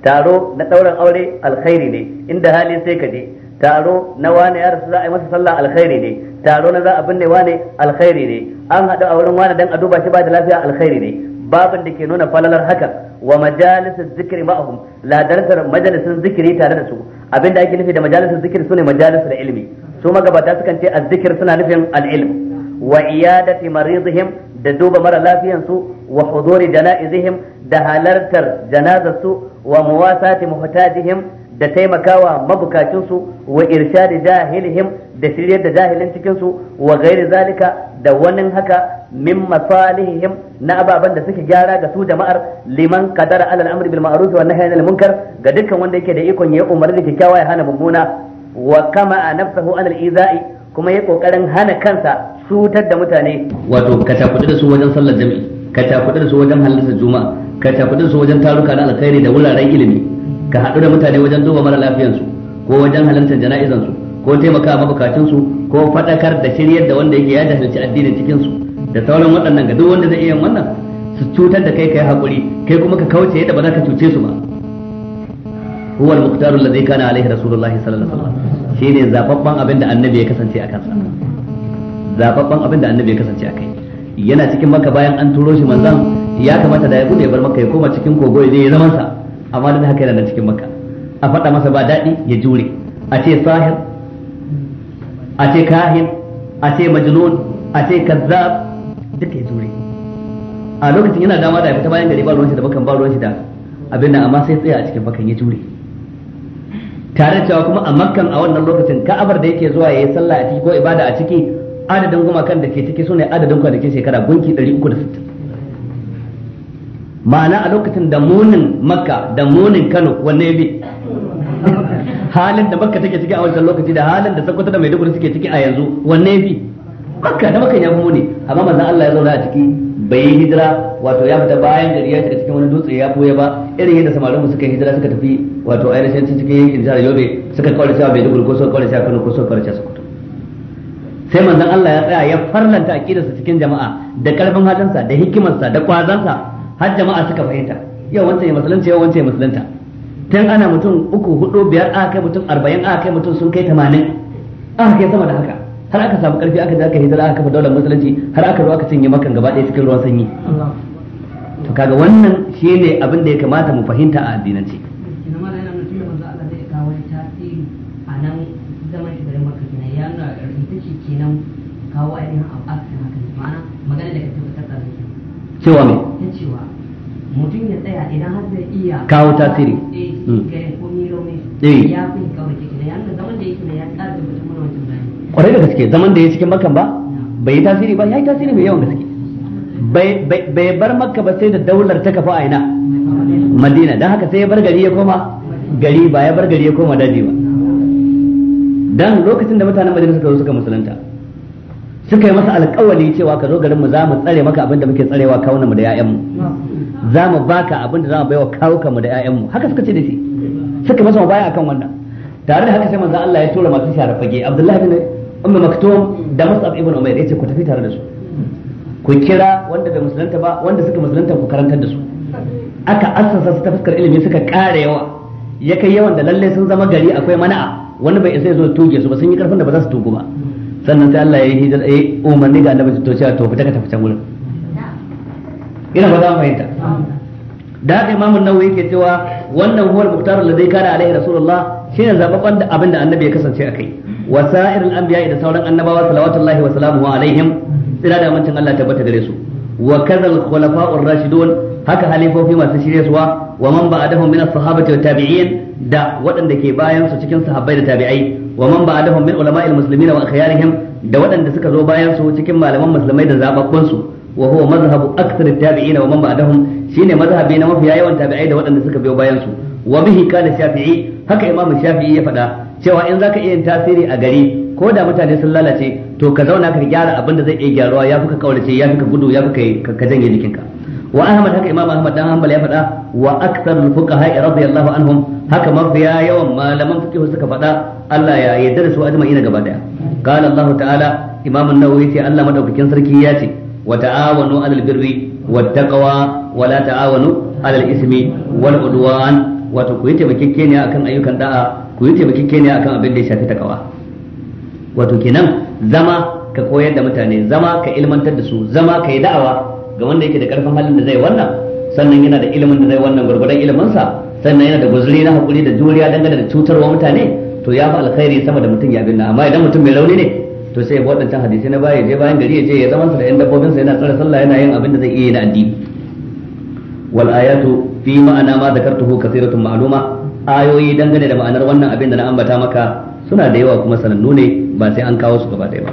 taro na ɗauran aure alkhairi ne inda hali sai ka je taro na wane ya rasu za a yi masa sallah alkhairi ne taro na za a binne wane alkhairi ne an haɗu a wurin wane dan a duba shi ba da lafiya alkhairi ne babin da ke nuna falalar hakan wa majalisar zikiri ma'ahum ladar majalisar zikiri tare da su abin da ake nufi da majalisar zikir sune majalisar ilmi su magabata sukan ce azzikir suna nufin al'ilm wa iyadati maridihim da duba mara lafiyan su wa huduri janaizihim da halartar janazarsu su wa muwasati muhtajihim da taimakawa mabukacinsu wa irshadi jahilihim da shiryar da jahilin cikinsu wa gairi zalika da wani haka min masalihihim na ababen da suke gyara ga su jama'ar liman kadara alal amri bil ma'ruf wa nahyi anil munkar ga dukkan wanda yake da ikon ya umarni da kyakkyawa ya hana mummuna wa kama a nafsahu anil izai kuma ya kokarin hana kansa cutar da mutane wato ka tafi da su wajen sallar jami'i ka tafi da su wajen halartar juma'a ka tafi da su wajen taruka na alkhairi da wuraren ilimi ka haɗu da mutane wajen duba mara lafiyansu ko wajen halartar jana'izansu ko taimaka mabukacinsu, ko faɗakar da shiryar da wanda yake ya jahilci addinin cikinsu da sauran waɗannan ga duk wanda zai iya wannan su cutar da kai kai haƙuri kai kuma ka kauce yadda ba za ka cuce su ba huwa al-muqtaru alladhi kana alaihi rasulullahi sallallahu alaihi wasallam shine zababban abin da annabi ya kasance a kansa zababban abin da annabi ya kasance a kai yana cikin maka bayan an turo shi manzan ya kamata da ya gudu ya bar maka ya koma cikin kogo ya je ya zaman sa amma da haka yana nan cikin makka a faɗa masa ba daɗi ya jure a ce sahir a ce kahin a ce majnun a ce kazzab duka ya jure a lokacin yana dama da fita bayan gari ba ruwan shi da bakan ba ruwan shi da abin nan amma sai tsaya a cikin bakan ya jure tare cewa kuma a makkan a wannan lokacin ka'abar da yake zuwa yayi sallah a ciki ko ibada a ciki adadin gumakan da ke ciki sune adadin kwanakin shekara gunki 360 ma'ana a lokacin da munin makka da munin kano wanne bi halin da makka take ciki a wancan lokaci da halin da sokoto da maiduguri suke ciki a yanzu wanne bi makka da makka ya fi muni amma manzon Allah ya zauna a ciki bai yi hijira wato ya fita bayan gari ya shiga cikin wani dutse ya boye ba irin yadda samarin mu suka hijira suka tafi wato ainihin cikin yankin jihar Yobe suka da cewa Maiduguri ko suka da cewa Kano ko suka kaura cewa Sokoto sai manzon Allah ya tsaya ya farlanta aqidarsa cikin jama'a da karfin hatansa da hikimarsa da kwazansa har jama'a suka fahimta yau wancan ya musulunta yau wancan ya musulunta tun ana mutum uku hudu biyar aka kai mutum arba'in aka kai mutum sun kai tamanin aka kai sama da haka har aka samu karfi aka zaka hijira aka kafa daular musulunci har aka zo aka cinye makan gaba ɗaya cikin ruwan sanyi to kaga wannan shine abin da ya kamata mu fahimta a addinance kawo ainihin abu ma'ana magana da ka tabbatar da cewa mai mutum ya tsaya idan har zai iya kawo tasiri eh, hmm. eh. ya fi kawai cikin ya zaman da yake na ya ƙara da mutum mana wancan bayani kwarai da gaske zaman da ya cikin makan ba bai yi tasiri ba ya yi tasiri mai yawan gaske bai bar makka ba sai da daular ta kafa a ina madina don haka sai ya bar gari ya koma gari ba ya bar gari ya koma daji ba dan lokacin da mutanen madina suka zo suka musulunta suka yi masa alkawali cewa ka zo garinmu za mu tsare maka abin da muke tsarewa kawunan mu da 'ya'yanmu. za mu baka abin da za mu baiwa kawukan mu da 'ya'yanmu. haka suka ce da shi suka masa mu baya akan wannan tare da haka sai manzo Allah ya tura masu share fage Abdullahi bin Ummu Maktum da Mus'ab ibn Umair yace ku tafi tare da su ku kira wanda bai musulunta ba wanda suka musulunta ku karantar da su aka assasa su ta fuskar ilimi suka ƙara yawa ya kai yawan da lalle sun zama gari akwai mana'a wani bai isa ya zo tuge su ba sun yi karfin da ba za su tugu ba sannan sai Allah ya yi hijira ya umarni ga annabi to cewa to fita ka tafi can wurin ina ba za mu fahimta da haka imamun nawawi yake cewa wannan huwal muktar zai kana alaihi rasulullah shine zababban da abinda annabi ya kasance a akai wa sa'irul anbiya da sauran annabawa sallallahu alaihi wa sallamu alaihim tsira da amincin Allah tabbata gare su wa kadha al-khulafa'ur haka halifofi masu shiryarwa wa man ba'dahum min as-sahabati wa tabi'in da waɗanda ke bayan su cikin sahabbai da tabi'ai wa man ba'dahum min ulama'il muslimin wa akhyarihim da waɗanda suka zo bayan su cikin malaman musulmai da zababbun su wa huwa mazhabu akthar at-tabi'in wa man ba'dahum shine mazhabi na mafi yawan tabi'ai da waɗanda suka biyo bayan su wa bihi kana shafi'i haka imamu shafi'i ya faɗa cewa in zaka iya yin tasiri a gari ko da mutane sun lalace to ka zauna ka gyara abin da zai iya gyaruwa ya fi ka kaurace ya fi ka gudu ya fi ka janye jikinka wa ahmad haka imam ahmad dan hanbal ya faɗa wa akthar fuqaha radiyallahu anhum haka mafiya yawan malaman fiqh suka faɗa Allah ya yarda da su ajma'ina gaba daya qala Allah ta'ala imam an-nawawi yace Allah madaukakin sarki ya ce wa ta'awanu 'alal birri wat taqwa wa la ta'awanu 'alal ismi wal udwan wato ku yi taimakekeniya akan ayyukan da'a ku yi taimakekeniya akan abin da ya shafi takawa wato kenan zama ka koyar da mutane zama ka ilmantar da su zama ka yi da'awa ga wanda yake da karfin halin da zai wannan sannan yana da ilimin da zai wannan gurgurdan ilimin sannan yana da guzuri na hakuri da juriya dangane da cutarwa mutane to ya fi alkhairi sama da mutum ya binna amma idan mutum mai rauni ne to sai ya waɗancan hadisi na baya je bayan gari ya je ya zaman sa da yan dabbobin sa yana tsare sallah yana yin abin da zai iya na addini wal ayatu fi ma'ana ma zakartuhu kathiratun ma'luma ayoyi dangane da ma'anar wannan abin da na ambata maka suna da yawa kuma sanannu ne ba sai an kawo su gaba ɗaya ba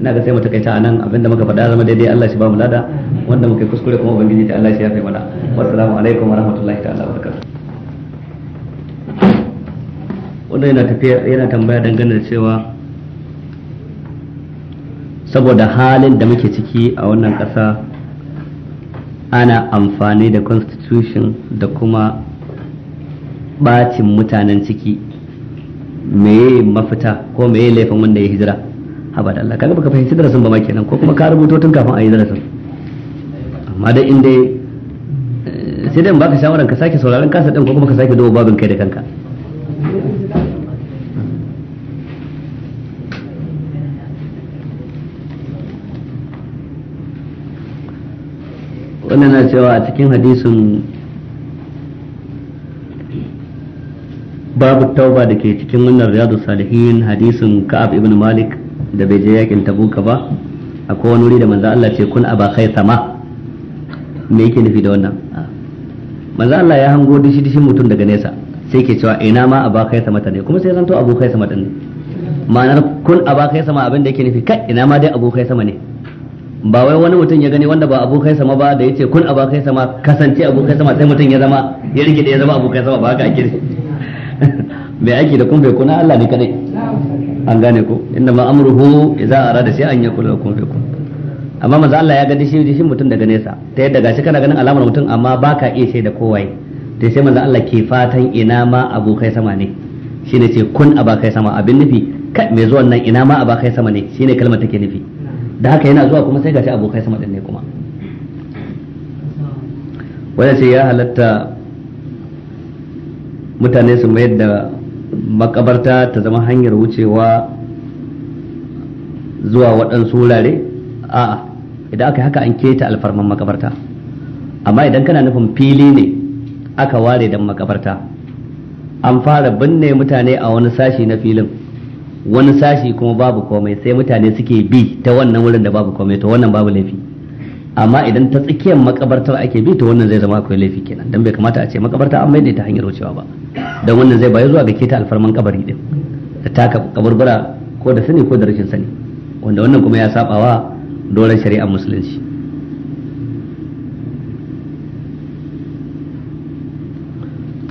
ina ga sai mu takaita a nan abinda muka faɗa zama daidai Allah shi ba mu lada wanda muka kuskure kuma ubangiji ta Allah shi ya fi mana alaikum wa rahmatullahi ta'ala wa wannan yana tafiya yana tambaya dangane da cewa saboda halin da muke ciki a wannan kasa ana amfani da constitution da kuma bacin mutanen ciki meye mafita ko meye laifin wanda ya hijira da Allah kaga baka fahimci darasin ba ma kenan ko kuma ka rubuto tun kafin a yi darasin amma dai in dai eh, sai dai baka shawaran ka sake sauraron kasa din ko kuma ka sake dubo babin kai da kanka wannan na cewa a cikin hadisin babu tauba da ke cikin wannan riyadu salihin hadisin ka'ab ibn malik da bai je yakin tabuka ba akwai wani wuri da manzo Allah ce kun aba sama me yake nufi da wannan manzo Allah ya hango dishi dishi mutum daga nesa sai ke cewa ina ma aba sama ta ne kuma sai zanto abu sama din ma'anar kun aba sama abin da yake nufi kai ina ma dai abu sama ne ba wai wani mutum ya gani wanda ba abokai sama ba da yace kun abokai sama kasance abokai sama sai mutum ya zama ya rike da ya zama abokai sama ba haka ake mai aiki da kun bai kuna Allah ne kadai an gane ko inda ma amruhu idza arada shi an yakula kun bai kun amma manzo Allah ya ga dishi dishin mutum daga nesa ta yadda gashi kana ganin alamar mutum amma baka iya shaida kowai to sai manzo Allah ke fatan ina ma abokai sama ne shine ce kun abakai sama abin nufi kai mai zuwan nan ina ma abakai sama ne shine kalmar take nufi da haka yana zuwa kuma sai gashi abokai sama din ne kuma wanda sai ya halatta mutane su mayar da makabarta ta zama hanyar wucewa zuwa waɗansu wurare a'a idan aka haka an keta alfarman makabarta amma idan kana nufin fili ne aka ware don makabarta an fara binne mutane a wani sashi na filin wani sashi kuma babu komai sai mutane suke bi ta wannan wurin da babu komai to wannan babu laifi amma idan ta tsakiyar makabartar ake bi to wannan zai zama akwai laifi kenan don bai kamata a ce makabarta an maida ta hanyar wucewa ba don wannan zai baya zuwa ga keta alfarman kabari din da taka kaburbura ko da sani ko da rashin sani wanda wannan kuma ya sabawa doron shari'ar musulunci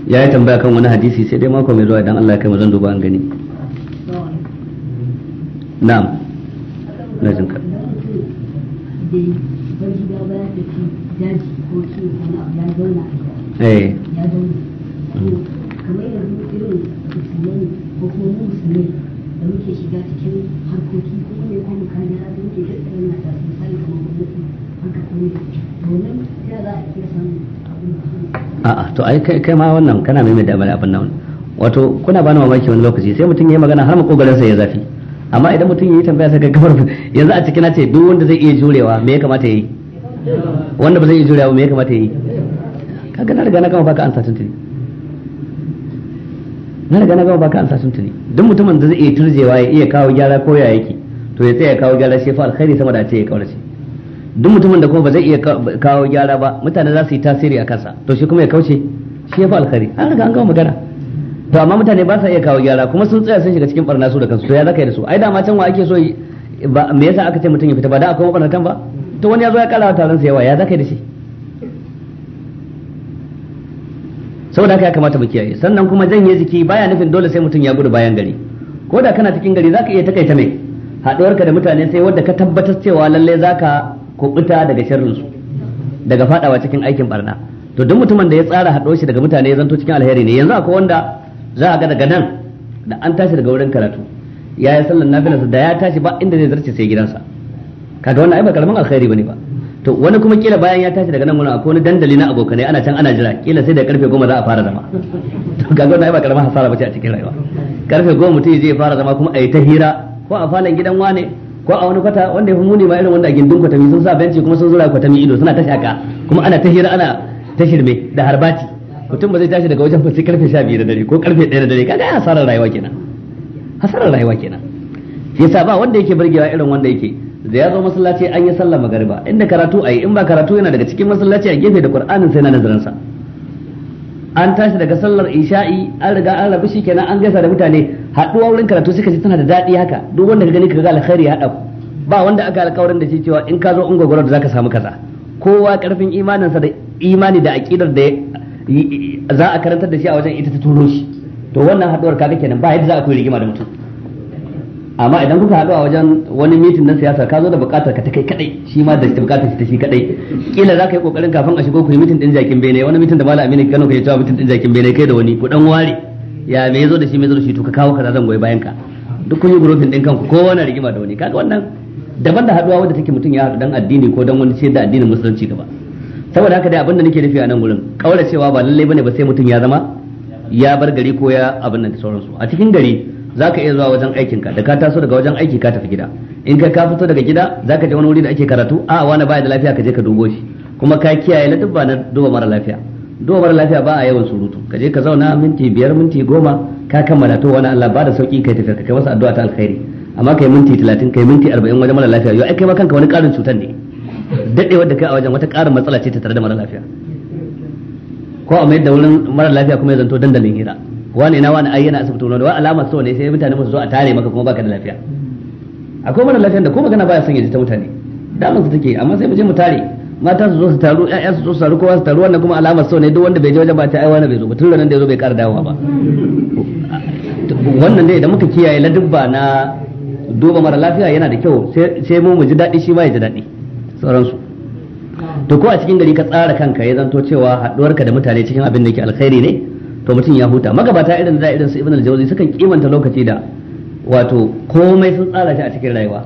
ya yi tambaya kan wani hadisi sai dai mako mai zuwa idan Allah ya kai zan duba an gani na'am na jinka eh kamar yanzu irin musulmai ko kuma mu musulmai da muke shiga cikin harkoki ko ne ko mu kana da muke tattara na da sun sai kamar gwamnati haka ko ne domin ya za a iya samun a'a to ai kai kai ma wannan kana mai mai damar abin nan wato kuna bani mamaki wani lokaci sai mutum ya yi magana har makogarin sa ya zafi amma idan mutum ya yi tambaya sai gaggawar yanzu a cikin ce duk wanda zai iya jurewa me ya kamata ya yi wanda ba zai iya jurewa me ya kamata ya yi kaga na riga na kama baka an satin tuni na riga na gama baka ansa sun tuni duk mutumin da zai iya turjewa ya iya kawo gyara ko ya yake to ya tsaya kawo gyara shi fa alkhairi sama da ce ya kaurace duk mutumin da kuma ba zai iya kawo gyara ba mutane za su yi tasiri a kansa to shi kuma ya kauce shi ya fa alkhairi an riga an gama magana to amma mutane ba sa iya kawo gyara kuma sun tsaya sun shiga cikin barna su da kansu to ya zaka yi da su ai dama can wa ake so me yasa aka ce mutum ya fita ba da akwai mabarnatan ba to wani ya zo ya kara taron sa yawa ya zaka yi da shi saboda haka ya kamata mu kiyaye sannan kuma janye jiki baya nufin dole sai mutum ya gudu bayan gari ko da kana cikin gari zaka iya takaita mai haɗuwarka da mutane sai wanda ka tabbatar cewa lalle zaka kubuta daga sharrin su daga fadawa cikin aikin barna to duk mutumin da ya tsara haɗo shi daga mutane ya zanto cikin alheri ne yanzu akwai wanda za a ga daga nan da an tashi daga wurin karatu ya yi sallan nafilarsa da ya tashi ba inda zai zarce sai gidansa kaga wannan ai ba karamin alkhairi bane ba to wani kuma kila bayan ya tashi daga nan muna akwai wani dandali na abokanai ana can ana jira kila sai da karfe goma za a fara zama to kaga wannan ai ba karamar hasara ce a cikin rayuwa karfe goma mutum zai fara zama kuma yi ta hira ko a falon gidan wane ko a wani kwata wanda ya fi muni ma irin wanda a gindin kwatami sun sa benci kuma sun zura kwatami ido suna ta shaka kuma ana ta hira ana ta shirme da harbati mutum ba zai tashi daga wajen fasi karfe sha biyu da dare ko karfe ɗaya da dare kaga hasarar rayuwa kenan hasarar rayuwa kenan yasa ba wanda yake birgewa irin wanda yake da ya zo masallaci an yi sallah magariba inda karatu ayi in ba karatu yana daga cikin masallaci a gefe da qur'anin sai na nazarin sa an tashi daga sallar isha'i an riga an rabu shikenan an gaisa da mutane haduwa wurin karatu suka ji tana da daɗi haka duk wanda ka gani ka ga alkhairi ya dafu ba wanda aka alkawarin da shi cewa in ka zo da zaka samu kaza kowa karfin imaninsa da imani da aqidar da za a karantar da shi a wajen ita ta turo shi to wannan haduwar kaga kenan ba yadda za a koyi rigima da mutum amma idan kuka haɗu a wajen wani mitin na siyasa ka zo da buƙatar ka ta kai kadai shi ma da buƙatar ta shi kadai kila za ka yi ƙoƙarin kafin a shigo ku yi mitin ɗin jakin bene wani mitin da malam aminu kano ka yi cewa mitin ɗin jakin bene kai da wani ku ɗan ware ya me zo da shi me zo da shi to ka kawo kaza zan goyi bayan ka duk kun yi gurufin ɗin kanku kowa na rigima da wani kaga wannan daban da haɗuwa wadda take mutum ya haɗu dan addini ko dan wani ce da addinin musulunci gaba saboda haka dai abin da nake nufi a nan gurin kaura cewa ba lallai bane ba sai mutum ya zama ya bar gari ko ya abin nan da sauransu a cikin gari za ka iya zuwa wajen aikin ka da ka taso daga wajen aiki ka tafi gida in ka ka fito daga gida za ka je wani wuri da ake karatu a wani baya da lafiya ka je ka dubo shi kuma ka kiyaye na dubba na duba mara lafiya duba mara lafiya ba a yawan surutu ka je ka zauna minti biyar minti goma ka kammala to wani Allah ba da sauki kai tafi ka kai masa addu'a ta alkhairi amma kai minti talatin kai minti arba'in wajen mara lafiya yau ai kai ma kanka wani karin cutar ne dadewar da kai a wajen wata karin matsala ce ta tare da mara lafiya ko a mai da wurin mara lafiya kuma ya zanto dandalin hira wani na wani ayyana asibiti wani wani alamar so ne sai mutane musu zo a tare maka kuma baka da lafiya akwai mara lafiyar da ko magana baya son ya ji ta mutane damar su take amma sai mu je mu tare mata su zo su taru ƴaƴa su zo su taru kowa su taru wannan kuma alamar so ne duk wanda bai je wajen ba ta aiwa na bai zo ba tun ranar da ya zo bai kara dawowa ba wannan dai idan muka kiyaye ladubba na duba mara lafiya yana da kyau sai mu mu ji daɗi shi ma ya ji daɗi sauransu to ko a cikin gari ka tsara kanka ya zanto cewa haɗuwarka da mutane cikin abin da ke alkhairi ne to mutum ya huta magabata irin da irin su ibn al-jawzi sukan kimanta lokaci da wato komai sun tsara shi a cikin rayuwa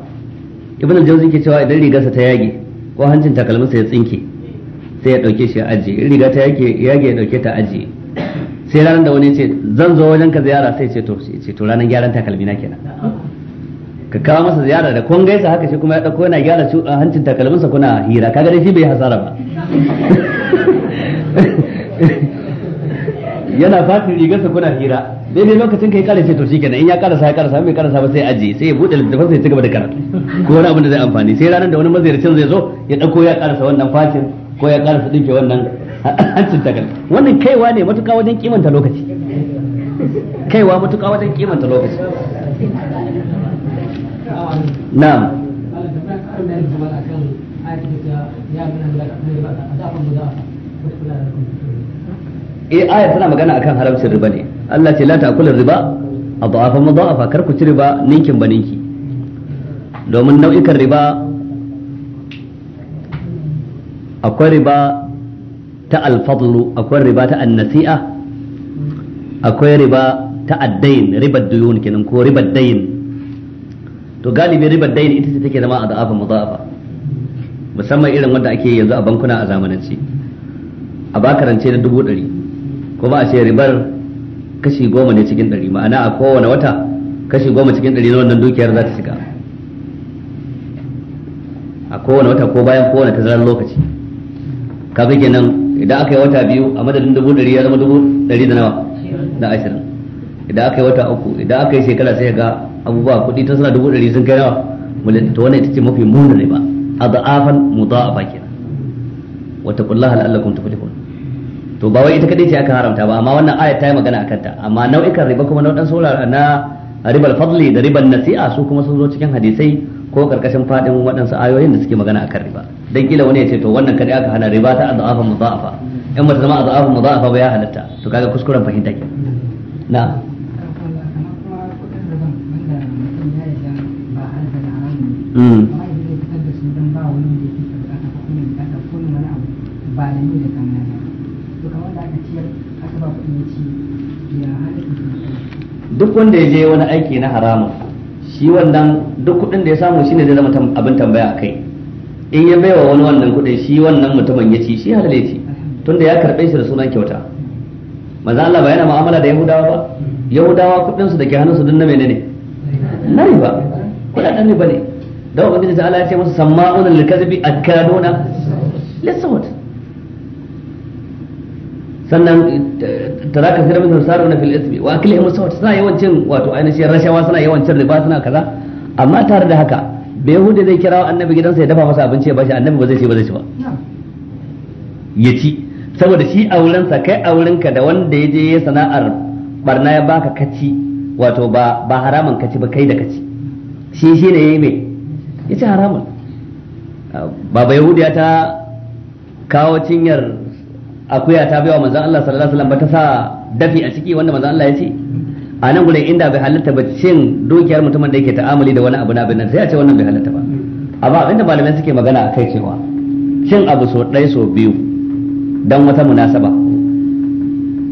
ibn al-jawzi ke cewa idan rigarsa ta yage ko hancin takalminsa ya tsinke sai ya dauke shi ya aji. in riga ta yage yage ya dauke ta aji. sai ranar da wani ce zan zo wajen ka ziyara sai ce to ce to ranar gyaran takalmi na kenan ka kawo masa ziyara da kun gaisa haka shi kuma ya dauko yana gyara uh, hancin takalminsa kuna hira kaga dai shi bai hasara ba yana fatin rigarsa kuna hira daidai lokacin kai kare ce to kenan in ya karasa ya karasa mai karasa ba sai aji sai ya bude littafin sai ya cigaba da karatu ko wani abin da zai amfani sai ranar da wani maziyarcin zai zo ya dauko ya karasa wannan fatin ko ya karasa dinke wannan hancin takal wannan kaiwa ne matuka wajen kimanta lokaci kaiwa matuka wajen kimanta lokaci na'am ya eh aya tana magana akan haramcin riba ne Allah ce la ta'kulu riba adhafa mudhafa kar ku ci riba ninkin baninki domin nau'ikan riba akwai riba ta alfadlu akwai riba ta annasi'a akwai riba ta addain riba duyun kenan ko riba dayin to galibi riba dayin ita ce take zama a da'afa mudhafa musamman irin wanda ake yanzu a bankuna a zamanance a bakarance na dubu ɗari kuma a sai ribar kashi goma ne cikin ɗari ma'ana a kowane wata kashi goma cikin ɗari na wannan dukiyar za ta shiga a kowane wata ko bayan kowane tazarar lokaci kaga kenan idan aka yi wata biyu a madadin dubu ɗari ya zama dubu ɗari da nawa na ashirin idan aka yi wata uku idan aka yi shekara sai ga abubuwa kuɗi ta suna dubu ɗari sun kai nawa mulin ta wannan ita ce mafi muni ne ba a afan mu a kenan wata kullaha tafi tafi to ba wai ita kadai ce aka haramta ba amma wannan ayat ta yi magana akan ta amma nau'ikan riba kuma nau'in sura na ribal fadli da ribal nasi'a su kuma sun zo cikin hadisai ko karkashin fadin waɗansu ayoyin da suke magana akan riba dan kila wani ya ce to wannan kadai aka hana riba ta adhafa mudha'afa in mata zama adhafa mudha'afa ba ya halatta to kaga kuskuren fahimta ke na Mm. ba duk wanda ya je wani aiki na haramun shi wannan duk kuɗin da ya samu shine zai zama abin tambaya a kai in ya baiwa wani wannan kuɗin shi wannan mutumin ya ci shi halal ya ci tunda ya karɓe shi da sunan kyauta maza Allah ba yana mu'amala da Yahudawa ba Yahudawa kuɗin su da ke hannunsu su duk na menene na riba ba riba ne da ubangiji ta Allah ya ce musu samma'unan likazibi akaduna lisawt sannan fi rabin min na fil ismi wa aklihim sawat suna yawancin wato ainihin rashawa suna yawancin riba suna kaza amma tare da haka bai hude zai kira annabi gidansa ya dafa masa abinci ya bashi annabi ba zai ci ba zai ci ba ya ci saboda shi a wurinsa kai a wurinka da wanda ya je ya sana'ar barna ya baka kaci wato ba ba haramun kaci ba kai da kaci shi shi ne yayi mai ya ci haramun baba yahudiya ta kawo cinyar akuya ta baiwa manzon Allah sallallahu alaihi wasallam ba ta sa dafi a ciki wanda manzon Allah ya ce a nan gurin inda bai halatta ba cin dukiyar mutumin da yake ta'amuli da wani abu na bin nan sai a ce wannan bai halatta ba amma abinda malamai suke magana kai cewa cin abu so ɗaya so biyu don wata munasaba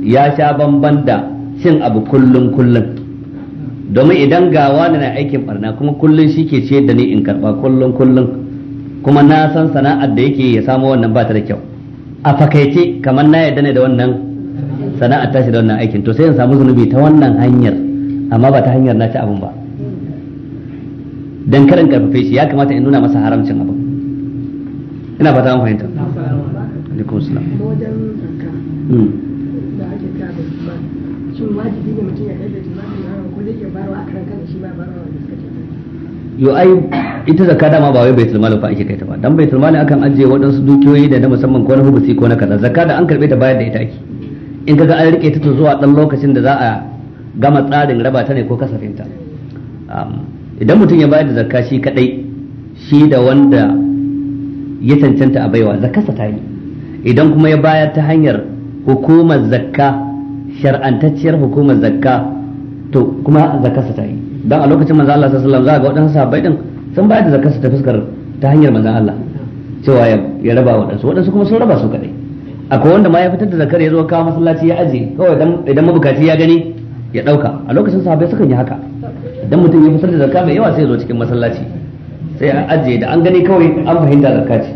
ya sha bamban da cin abu kullum kullum domin idan ga wani na aikin barna kuma kullum shi ke ce da ni in karba kullum kullum kuma na san sana'ar da yake ya samu wannan ba ta da kyau a fakaice kamar na yarda ne da wannan sana'ar tashi da wannan aikin to sai in samu zunubi ta wannan hanyar amma ba ta hanyar na ci abin ba dan karin karfafe shi ya kamata in nuna masa haramcin abin ina fata an fahimta alaikum salam wajen hmm. da ake ta da shin wajibi ne mutum ya kai yo ai ita zakka dama ba wai baitul mali fa ake kai ta ba dan baitul mali akan ajiye waɗansu dukiyoyi da na musamman ko na hubusi ko na kaza zakka da an karbe ta bayar da ita ake in kaga an rike ta to zuwa dan lokacin da za a gama tsarin raba ta ne ko kasafin ta idan mutum ya bayar da zakka shi kadai shi da wanda ya cancanta a baiwa zakkarsa ta yi idan kuma ya bayar ta hanyar hukumar zakka shar'antacciyar hukumar zakka to kuma zakkarsa ta yi dan a lokacin manzon Allah sallallahu alaihi wasallam za ga waɗansu sahabbai din sun bayar da zakar su ta fuskar ta hanyar manzon Allah cewa ya raba waɗansu waɗansu kuma sun raba su kadai akwai wanda ma ya fitar da zakar ya zo kawo masallaci ya aje kawai idan mabukaci ya gani ya dauka a lokacin sahabbai sukan yi haka idan mutum ya fitar da zakka mai yawa sai ya zo cikin masallaci sai a aje da an gani kawai an fahimta zakka ce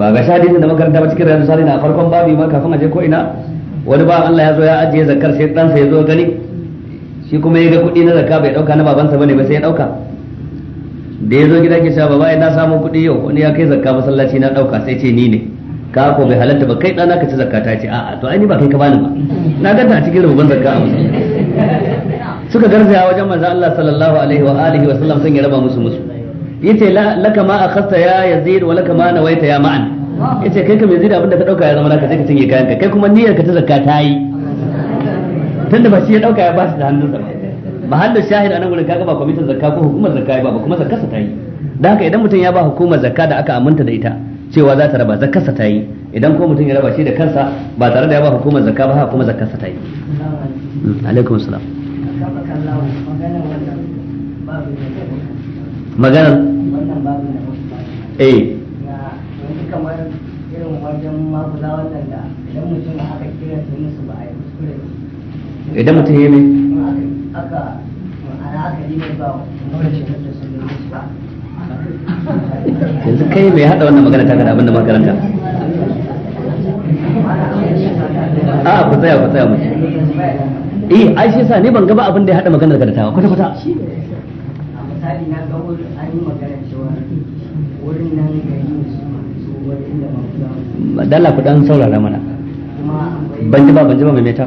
ba ga shadi da makaranta ba cikin rayuwar sari na farkon babi ma kafin aje ko ina wani ba Allah ya zo ya ajiye zakar sai dan ya zo gani shi kuma ya ga kuɗi na zakka bai ɗauka na babansa bane ba sai ya ɗauka da ya zo gida ke cewa baba na samu kuɗi yau wani ya kai zakka masallaci na ɗauka sai ce ni ne ka ko bai halatta ba kai ɗana ka ci zakka ta ce a'a to ai ni ba kai ka bani ba na ganta a cikin rubutun zakka a musu suka garzaya wajen manzo Allah sallallahu alaihi wa alihi wa sallam sun ya raba musu musu yace laka ma akhasta ya yazid wa laka ma nawaita ya ma'an yace kai ka mai zida abinda ka dauka ya zama naka sai ka cinye kayan ka kai kuma niyyar ka ta zakka ta yi tunda ba shi ya dauka ya ba shi da sa ba hannun shahid anan gurin kaga ba kwamitin zakka ko hukumar zakka ba ba kuma zakka sa tayi dan haka idan mutum ya ba hukumar zakka da aka aminta da ita cewa za ta raba zakka sa tayi idan ko mutum ya raba shi da kansa ba tare da ya ba hukumar zakka ba kuma zakka sa tayi alaikum salam ne eh kamar irin wajen maguza wannan da idan mutum aka kira su musu ba a yi kuskure idan mutum ya mai yanzu kai mai hada wannan magana ta gada abinda makaranta a ku tsaya ku tsaya mutum eh ai shi sa ne ban gaba abin da ya hada magana da ta kwata kwata misali na ga wurin an yi magana cewa wurin nan su dala ku dan saurara mana ban ji ba ban mai meta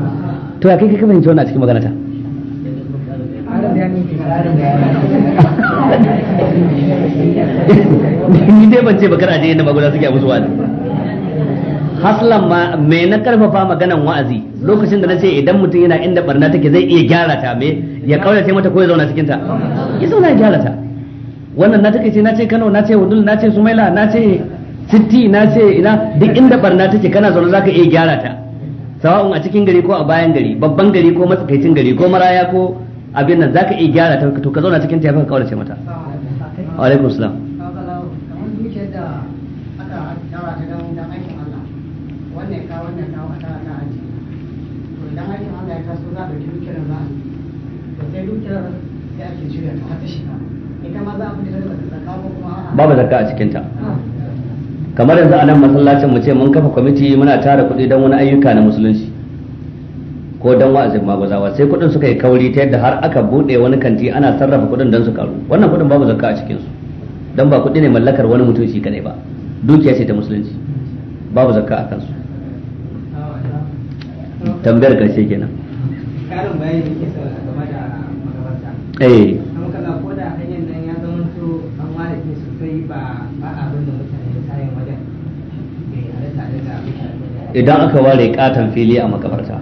to ya kai kafin kamar wannan a cikin magana ta ni dai ban ce ba kana je yadda magana suke musu wa'azi haslan ma me na karfafa maganan wa'azi lokacin da na ce idan mutum yana inda barna take zai iya gyara ta me ya sai mata ko ya zauna cikin ta ya zauna ya gyara ta wannan na take ce na ce Kano na ce Wudul na ce Sumaila na ce Sitti na ce ina duk inda barna take kana zaune zaka iya gyara ta sawa'un a cikin gari ko a bayan gari babban gari ko matsakaicin gari ko maraya ko abin nan zaka iya gyara ta to ka zauna cikin ta yafi ce mata wa alaikum salam babu zakka a cikinta kamar yanzu a nan masallacin mu ce mun kafa kwamiti muna tara kuɗi don wani ayyuka na musulunci ko don wa'azin maguzawa sai kuɗin suka yi kauri ta yadda har aka buɗe wani kanti ana sarrafa kuɗin don su karu wannan kuɗin babu zakka a cikin su don ba kuɗi ne mallakar wani mutum shi kadai ba dukiya ce ta musulunci babu zakka a kansu tambayar karshe kenan karin bayani da ke sauran game da magabata eh kuma kana ko da hanyar nan ya zama to an ware yi ba idan aka ware katon fili a makabarta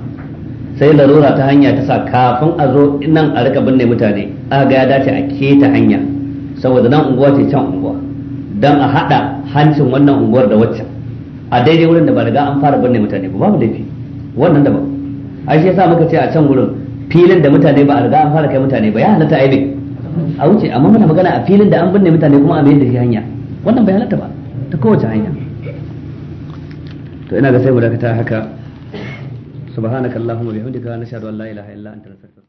sai larura ta hanya ta sa kafin a zo nan a rika binne mutane a ga ya dace a keta hanya saboda nan unguwa ce can unguwa dan a hada hancin wannan unguwar da waccan a daidai wurin da ba riga an fara binne mutane ba babu laifi wannan da ba a shi yasa muka ce a can wurin filin da mutane ba a riga an fara kai mutane ba ya halatta a yi a wuce amma muna magana a filin da an binne mutane kuma a mai da shi hanya wannan bai halatta ba ta kowace hanya to ina ga sai mu dakata haka subhanakallahumma bihamdika nashhadu an la ilaha illa anta nastaghfiruka